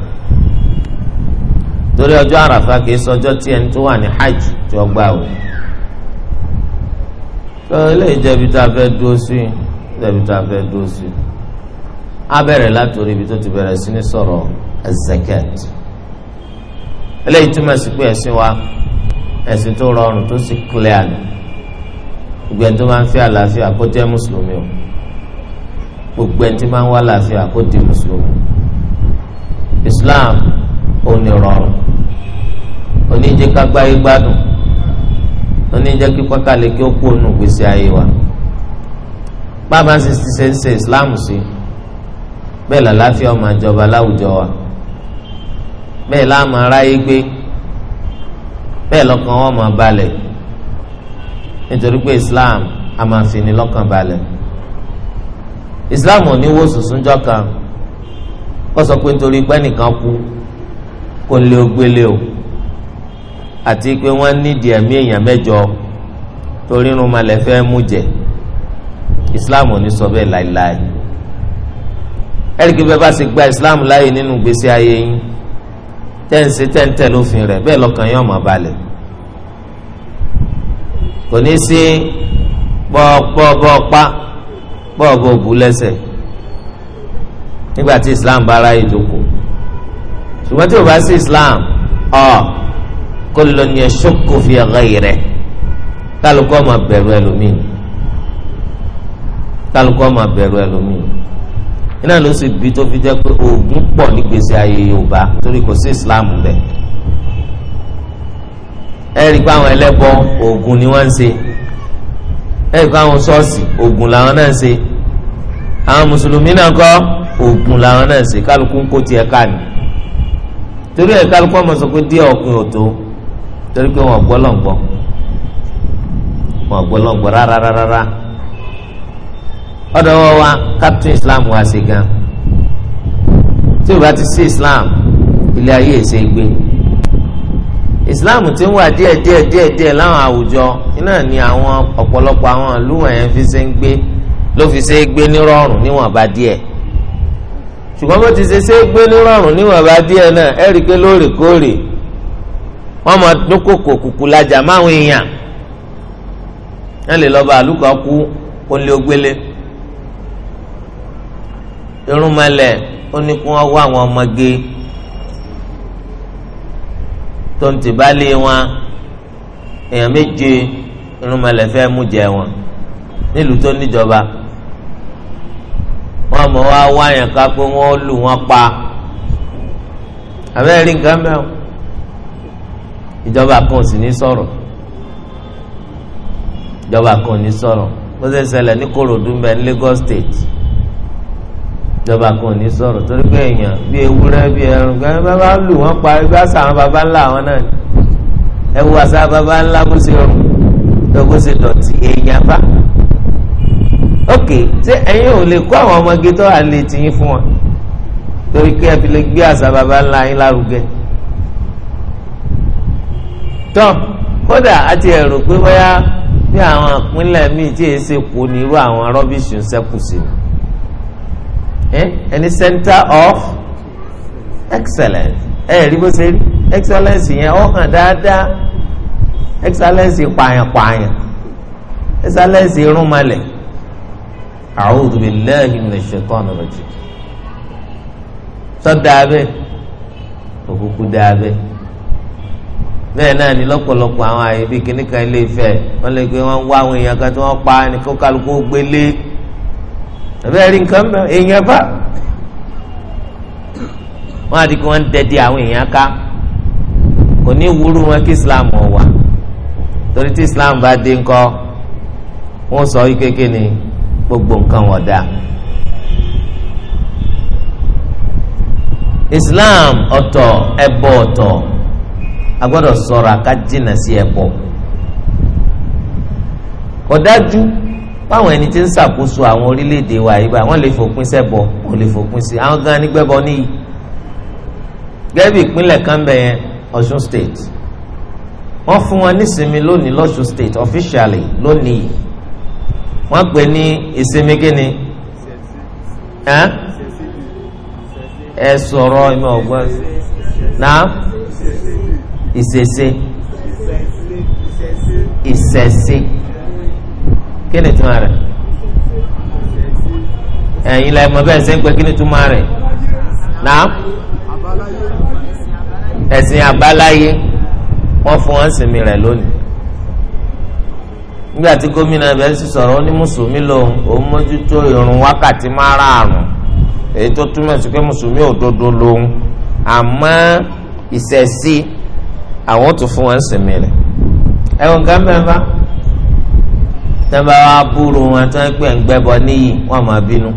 torí ọjọ́ àràfà kìí sọjọ́ tí ẹni tó wà ní hajj tí ó gbà wò. sọ ilé ìjẹ̀bi tá a fẹ́ dúró sí ìjẹ̀bi tá a fẹ́ dúró sí á bẹ̀rẹ̀ látòrí ibi tó ti bẹ̀rẹ̀ sí ní sọ̀rọ̀ zakat eléyìí túmọ̀ sí pé ẹ̀sìn wa ẹ̀sìn tó rọrùn tó sì clear ni gbogbo ẹni tó máa ń fẹ́ àlàáfíà kó jẹ́ mùsùlùmí o gbogbo ẹni tó máa ń wá àlàáfíà kó di mùsùlùmí Islam ò ní rọrùn oníjẹ́ kágbáyé gbádùn oníjẹ́ kíkọ́kálẹ̀ kí ó kú ònú gbèsè ayé wa bá a máa ń ṣe ṣe ń ṣe Islam sí i bẹ́ẹ̀ làlàáfíà máa jọba láwùjọ wa bẹ́ẹ̀ láàmú aráyé gbé bẹ́ẹ̀ lọ́kàn wọn máa balẹ̀ nítorí pé Islam a máa fi ni lọ́kàn balẹ̀ Islam ò ní wo sùsúnjọ́ kan kó sọ pé nítorí pé ẹnìkan kú kó ń lé ogbélé o àti pé wọ́n nídìí ẹ̀mí èèyàn mẹ́jọ torí irun malẹ̀ fẹ́ mú jẹ Islam ò ní sọ bẹ́ẹ̀ láéláé ẹ̀ríkì bẹ́ẹ̀ bá sì gba islam láàyè nínú gbèsè ayé yín tẹ́ǹsì tẹ́ǹtẹ́ lófin rẹ̀ bẹ́ẹ̀ lọ́kàn yín ọmọ balẹ̀ kò ní sí bọ́ọ̀bọ́ọ̀pá bọ́ọ̀bọ́ òbú lẹ́sẹ̀ nígbà tí islam bá ráyè dóko ṣùgbọ́n tí o bá sí islam ọ kullun yashukku fi ghayrihi kálukọ́ ọmọ bẹ̀rù ẹlòmíì kálukọ́ ọmọ bẹ̀rù ẹlòmíì iná ló sì bí tó fi jẹ́ pé oògùn pọ̀ nígbèsè ayé yorùbá torí kò sí islam bẹ̀. ẹ rí i pé àwọn ẹlẹ́bọ oògùn ni wọ́n ń ṣe ẹ rí i pé àwọn ṣọ́ọ̀ṣì oògùn làwọn náà ń ṣe àwọn mùsùlùmí náà kọ́ oògùn làwọn náà ń ṣe kálukú ń kó tiẹ̀ ká ni torí ẹ̀ kálukú ọmọ sọ pé díẹ̀ ọ̀gbìn ò tó torí pé wọ́n gbọ́ lọ́ngbọ́ wọ́n gbọ́ lọ́ngbọ́ rárá rárá rárá ọ̀dọ̀ wọn wa captain islam wa sí gan tí o bá ti sí islam ilé ayé èsè gbé islam ti ń wà díẹ̀ díẹ̀ díẹ̀ díẹ̀ láwọn àwùjọ iná ni àwọn ọ̀pọ̀lọpọ̀ àwọn ìlú wọ̀nyẹn fi ṣe ń gbé ló fi ṣe é gbé nírọ̀rùn níwọ̀nba díẹ̀ ṣùgbọ́n bó ti ṣe ṣe é gbé nírọ̀rùn níwọ̀nba díẹ̀ náà ẹ rí i pé lóòrèkóòrè wọ́n máa dúnkòkò kùkù lajà máwọn èèyàn ẹ lè lọ́ọ́ bá àlùkò kú kó lé ogbélé irúnmọlẹ̀ ó ní kí wọ́n wá àwọn ọmọge tó ń tì bá lé wọn èèyàn méje irúnmọlẹ̀ fẹ́ mú jẹ wọn nílùú tó níjọba wọ́n mọ̀ wá wáyàn ká pé wọ́n lù wọ́n pa àbẹ́rẹ́ rí nǹkan mẹ́wọ́ ìjọba kan sì ní sọ̀rọ̀ ìjọba kan ní sọ̀rọ̀ bó ṣe ṣẹlẹ̀ ní Kòròdú mbẹ́ ní Lagos State ìjọba kan ò ní sọ̀rọ̀ torí pé èèyàn bíi ewúrẹ́ bíi ẹran gbẹ́rẹ́ bá bá lù wọ́n pa ẹgbẹ́ àṣà àwọn baba ńlá àwọn náà ni ẹ wo àṣà baba ńlá kó ṣe rùn tó kó ṣe dọ̀tí èèyàn bá. ok ṣé ẹ̀yin ò lè kó àwọn ọmọge tó wà lè tìyín fún wọn torí pé ẹ fi lè gbé àṣà baba ńlá yín lárugẹ. tọ́ kódà àti ẹ̀rù pé bóyá bí àwọn àpínlẹ̀ míì tí èsì kò ní irú àwọn rọ́bìṣì ń ṣẹ́kù sí ni Eh? any center of excellence ẹ rí bó ṣe rí excellence yẹn ó hàn dáadáa excellence pààyàn-pààyàn excellence irúnmalẹ̀ a'udhu billahi minash shaitani rajim tọ́ da abẹ́ òkùnkùn da abẹ́ náà ni lọpọlọpọ àwọn àyè bíi kíníkan ilé Ifẹ̀ wọ́n lè gbé ya wá àwọn èèyàn kan tí pa ẹni kó kálukú gbélé Ebe rí nǹkan èèyàn bá wọn àti kí wọ́n ń àwọn èèyàn ká kò ní islam ọ wà torí tí islam bá dé nkọ wọ́n sọ yí kékeré ni gbogbo nǹkan islam ọtọ ẹbọ ọtọ a gbọ́dọ̀ ṣọ́ra ká jìnnà sí ẹbọ kò dájú. báwọn ẹni tí ń ṣàkóso àwọn orílẹ̀-èdè wa yìí bá wọ́n lè fòpin sẹ́bọ̀ kò lè fòpin sí àwọn gan nígbẹ́bọ níyì gẹ́bí ìpínlẹ̀ kan bẹ̀ yẹn Ọ̀ṣun state wọ́n fún wọn nísinmi lónìí lọ́ṣun state officially lónìí wọ́n pè ní ìsinmi kíni ẹ sọ̀rọ̀ ìmọ̀ ọ̀gbọ́n náà ìṣẹ̀ṣe ìṣẹ̀ṣe kí ni tuma rẹ̀ ẹ̀yin la mọ̀ bẹ́ẹ̀ sẹ́ńpẹ́ kí ni tuma rẹ̀ náà ẹ̀sìn àbáláyé wọ́n fún wọn sinmi rẹ̀ lónìí nígbà tí gómìnà bẹ́ẹ̀ sì sọ̀rọ̀ ó ní mùsùlùmí lòun òun mójútó ìrun wákàtí márààrún èyí tó túmọ̀ sí pé mùsùlùmí òdodo lòun àmọ́ ìṣẹ̀sí àwọn tó fún wọn sinmi rẹ̀ ẹ̀wọ̀n gán tẹ́nba wa búrú wọn tán pé ń gbẹ́bọ níyì wọn máa bínú.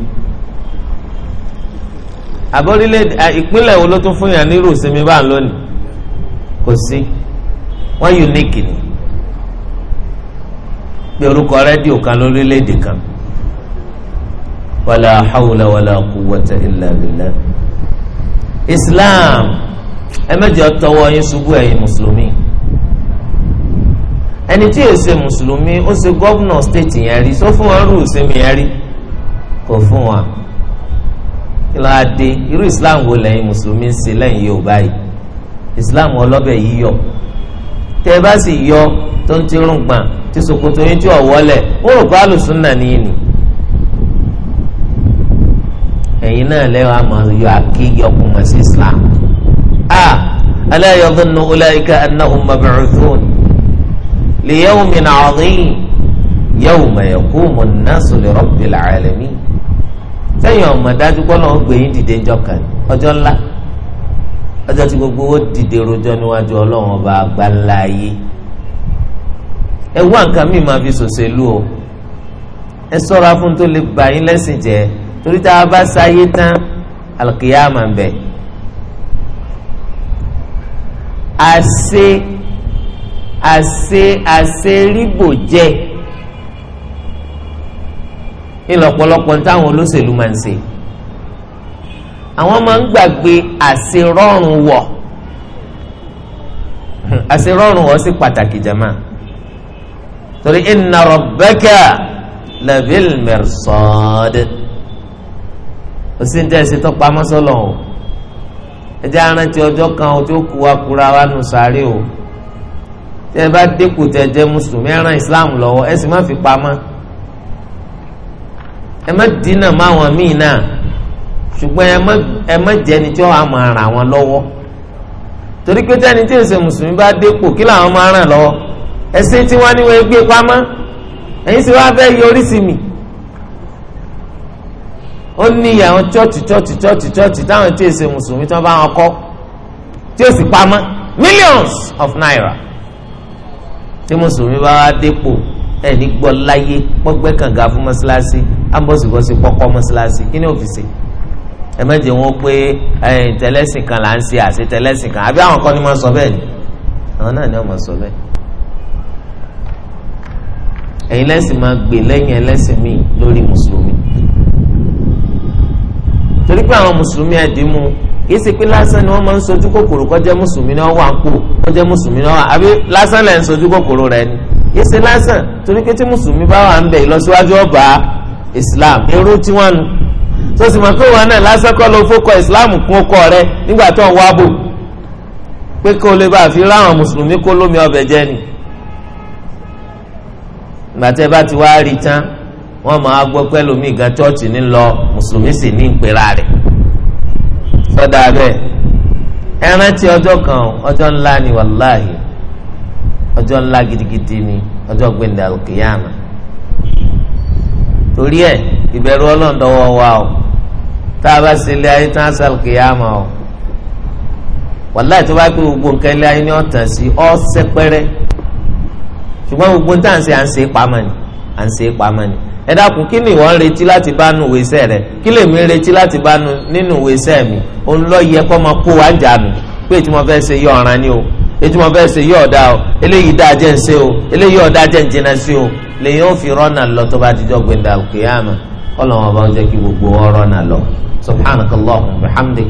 àbórílẹ̀ ìpínlẹ̀ wo ló tún fún yàn nírú ìsinmi bá ń lónìí kò sí wọ́n unique ni pé orúkọ rédíò kan lórílẹ̀‐èdè kan wàlà hawla wàlà quwwata illa Islam ẹ mẹ́jọ tọwọ́ yín ṣubú ẹ̀yin mùsùlùmí. ẹni tí yóò ṣe mùsùlùmí ó ṣe gọ́vnọ̀ stéètì yẹn rí sọ fún wọn rú ìsinmi yẹn rí kò fún wọn islam wo lẹ́yìn mùsùlùmí ń ṣe lẹ́yìn islam ọlọ́bẹ̀ yìí yọ tẹ́ ẹ bá sì yọ tó ń ti rúngbọ̀n tí ṣòkòtò yín tí ò wọlẹ̀ ó rò pé alùsùn náà ní ìní ẹ̀yin náà àmọ́ yọ islam a ah! ala yadhunnu ulaika annahum liyawmin adhim yawma yaqumu nnasu lirabbil alamin sẹ́yìn ọmọ dájú kọ́nà ọgbẹ́ yín dìde ńjọ́ kan ọjọ́ ńlá ọjọ́ tí gbogbo owó dìde rojọ́ níwájú ọlọ́run ọba àgbáńlá ayé ẹ wá nǹkan míì máa fi ṣòṣèlú o ẹ sọ́ra fún tó lè bà yín lẹ́sìn jẹ́ torí tá a bá sáyé tán àlùkìyà máa ń bẹ àṣe àṣe àṣerígbò jẹ ìlọ̀pọ̀lọpọ̀ táwọn olóṣèlú máa ń ṣe àwọn máa ń gbàgbé àṣerọ́rùn wọ̀ <laughs> àṣerọ́rùn wọ̀ sí pàtàkì jama torí inna rabbaka labil mirsad òsì ń tẹ̀sí tó pamọ́ sọ́lọ̀ o ẹ jẹ́ arántí ọjọ́ kan o tó kú wa wa nù sáré o tẹ́ bá dẹ́kun tẹ́ jẹ́ mùsùlùmí ẹ islam lọ́wọ́ ẹ sì má fi pamọ́ ẹ má dínà má wọn míì náà ṣùgbọ́n ẹ má jẹ́ ẹni tí wọ́n á máa ràn wọn lọ́wọ́ torí pé tẹ́ni tí èsè mùsùlùmí bá dẹ́kun kí làwọn máa ràn lọ́wọ́ ẹsẹ̀ tí wọ́n ní wọ́n gbé pamọ́ ẹ̀yin sì wá fẹ́ yọrí sí mi ó ní àwọn chọ́ọ̀chì chọ́ọ̀chì chọ́ọ̀chì chọ́ọ̀chì táwọn tí èsè mùsùlùmí tí wọ́n bá wọn kọ́ tí ó sì pamọ́ millions of naira tí mùsùlùmí bá wá dépò ẹni gbọ́ láyé pọ́gbẹ́ kànga fún mọ́ṣáláṣí ámbọ̀sibọ́sí pọ́kọ́ mọ́ṣáláṣí kí ni òfìsè ẹ méje wọn pé tẹlẹsìn kan là ń ṣe àṣẹ tẹlẹsìn kan àbí àwọn kan ni wọn sọ bẹ́ẹ̀ ni àwọn náà ni wọn sọ bẹ́ẹ̀ ẹ̀yin lẹ́sìn máa gbè lẹ́yìn ẹlẹ́sìn míì lórí mùsùlùmí torí pé àwọn mùsùlùmí ẹ̀dínmú kì í ṣe pé lásán ni wọ́n máa ń sojú kòkòrò kọjá mùsùlùmí ni wọ́n wà ń kúrò ó jẹ mùsùlùmí náà àbí lásán lẹ́yìn sojú kòkòrò rẹ ni yìí ṣe lásán torí pé tí mùsùlùmí bá wà ń bẹ ìlọsíwájú ọba islam èrò tiwọn nu tó sì mọ̀ pé wọn náà lásán kọ́ ló fọkọ islam kún ọkọ rẹ nígbà tó ń wábò pé kó o lè bá fi ráwọn mùsùlùmí kó lómi ọbẹ̀ jẹ ni gbàtẹ́ bá ti wá rí tán wọ́n máa gbọ́ pẹ́ lómi gan chọ́ọ̀chì ní lọ mùsùlùmí sì ní ìpera rẹ̀ sọ́dà bẹ́ẹ̀. ẹ ọjọ kan ọjọ ńlá ni wàláhì ọjọ ńlá gidigidi ni ọjọ gbẹ̀ndẹ̀ alùkìyàmà torí ẹ ìbẹ̀rù ọlọ́run wa o tá a bá ṣe ilé ayé tán àṣà alùkìyàmà o wàláhì tó bá pé gbogbo nǹkan ilé ayé ni ọ̀tàn sí sẹ́pẹ́rẹ́ ṣùgbọ́n gbogbo ẹ dákun kí ni ìwọ ń retí láti bá nu ìwésẹ rẹ kí lèmi ń retí láti bá nu nínú ìwésẹ mi òun lọ yẹ kó máa kó wa ń jànú pé ètí mo fẹ́ ṣe yí ọ̀ràn ni o ètí mo fẹ́ ṣe yí ọ̀dà o eléyìí dáa jẹ́ ń ṣe o eléyìí ọ̀dà jẹ́ jìnnà sí o lèyìn ó fi rọ́nà lọ tó bá ti jọ gbẹ̀ndà al-qiyāmah kọ́lọ́mọ bá ń jẹ́ kí gbogbo wọn rọ́nà lọ subhanakallahumma wa bihamdik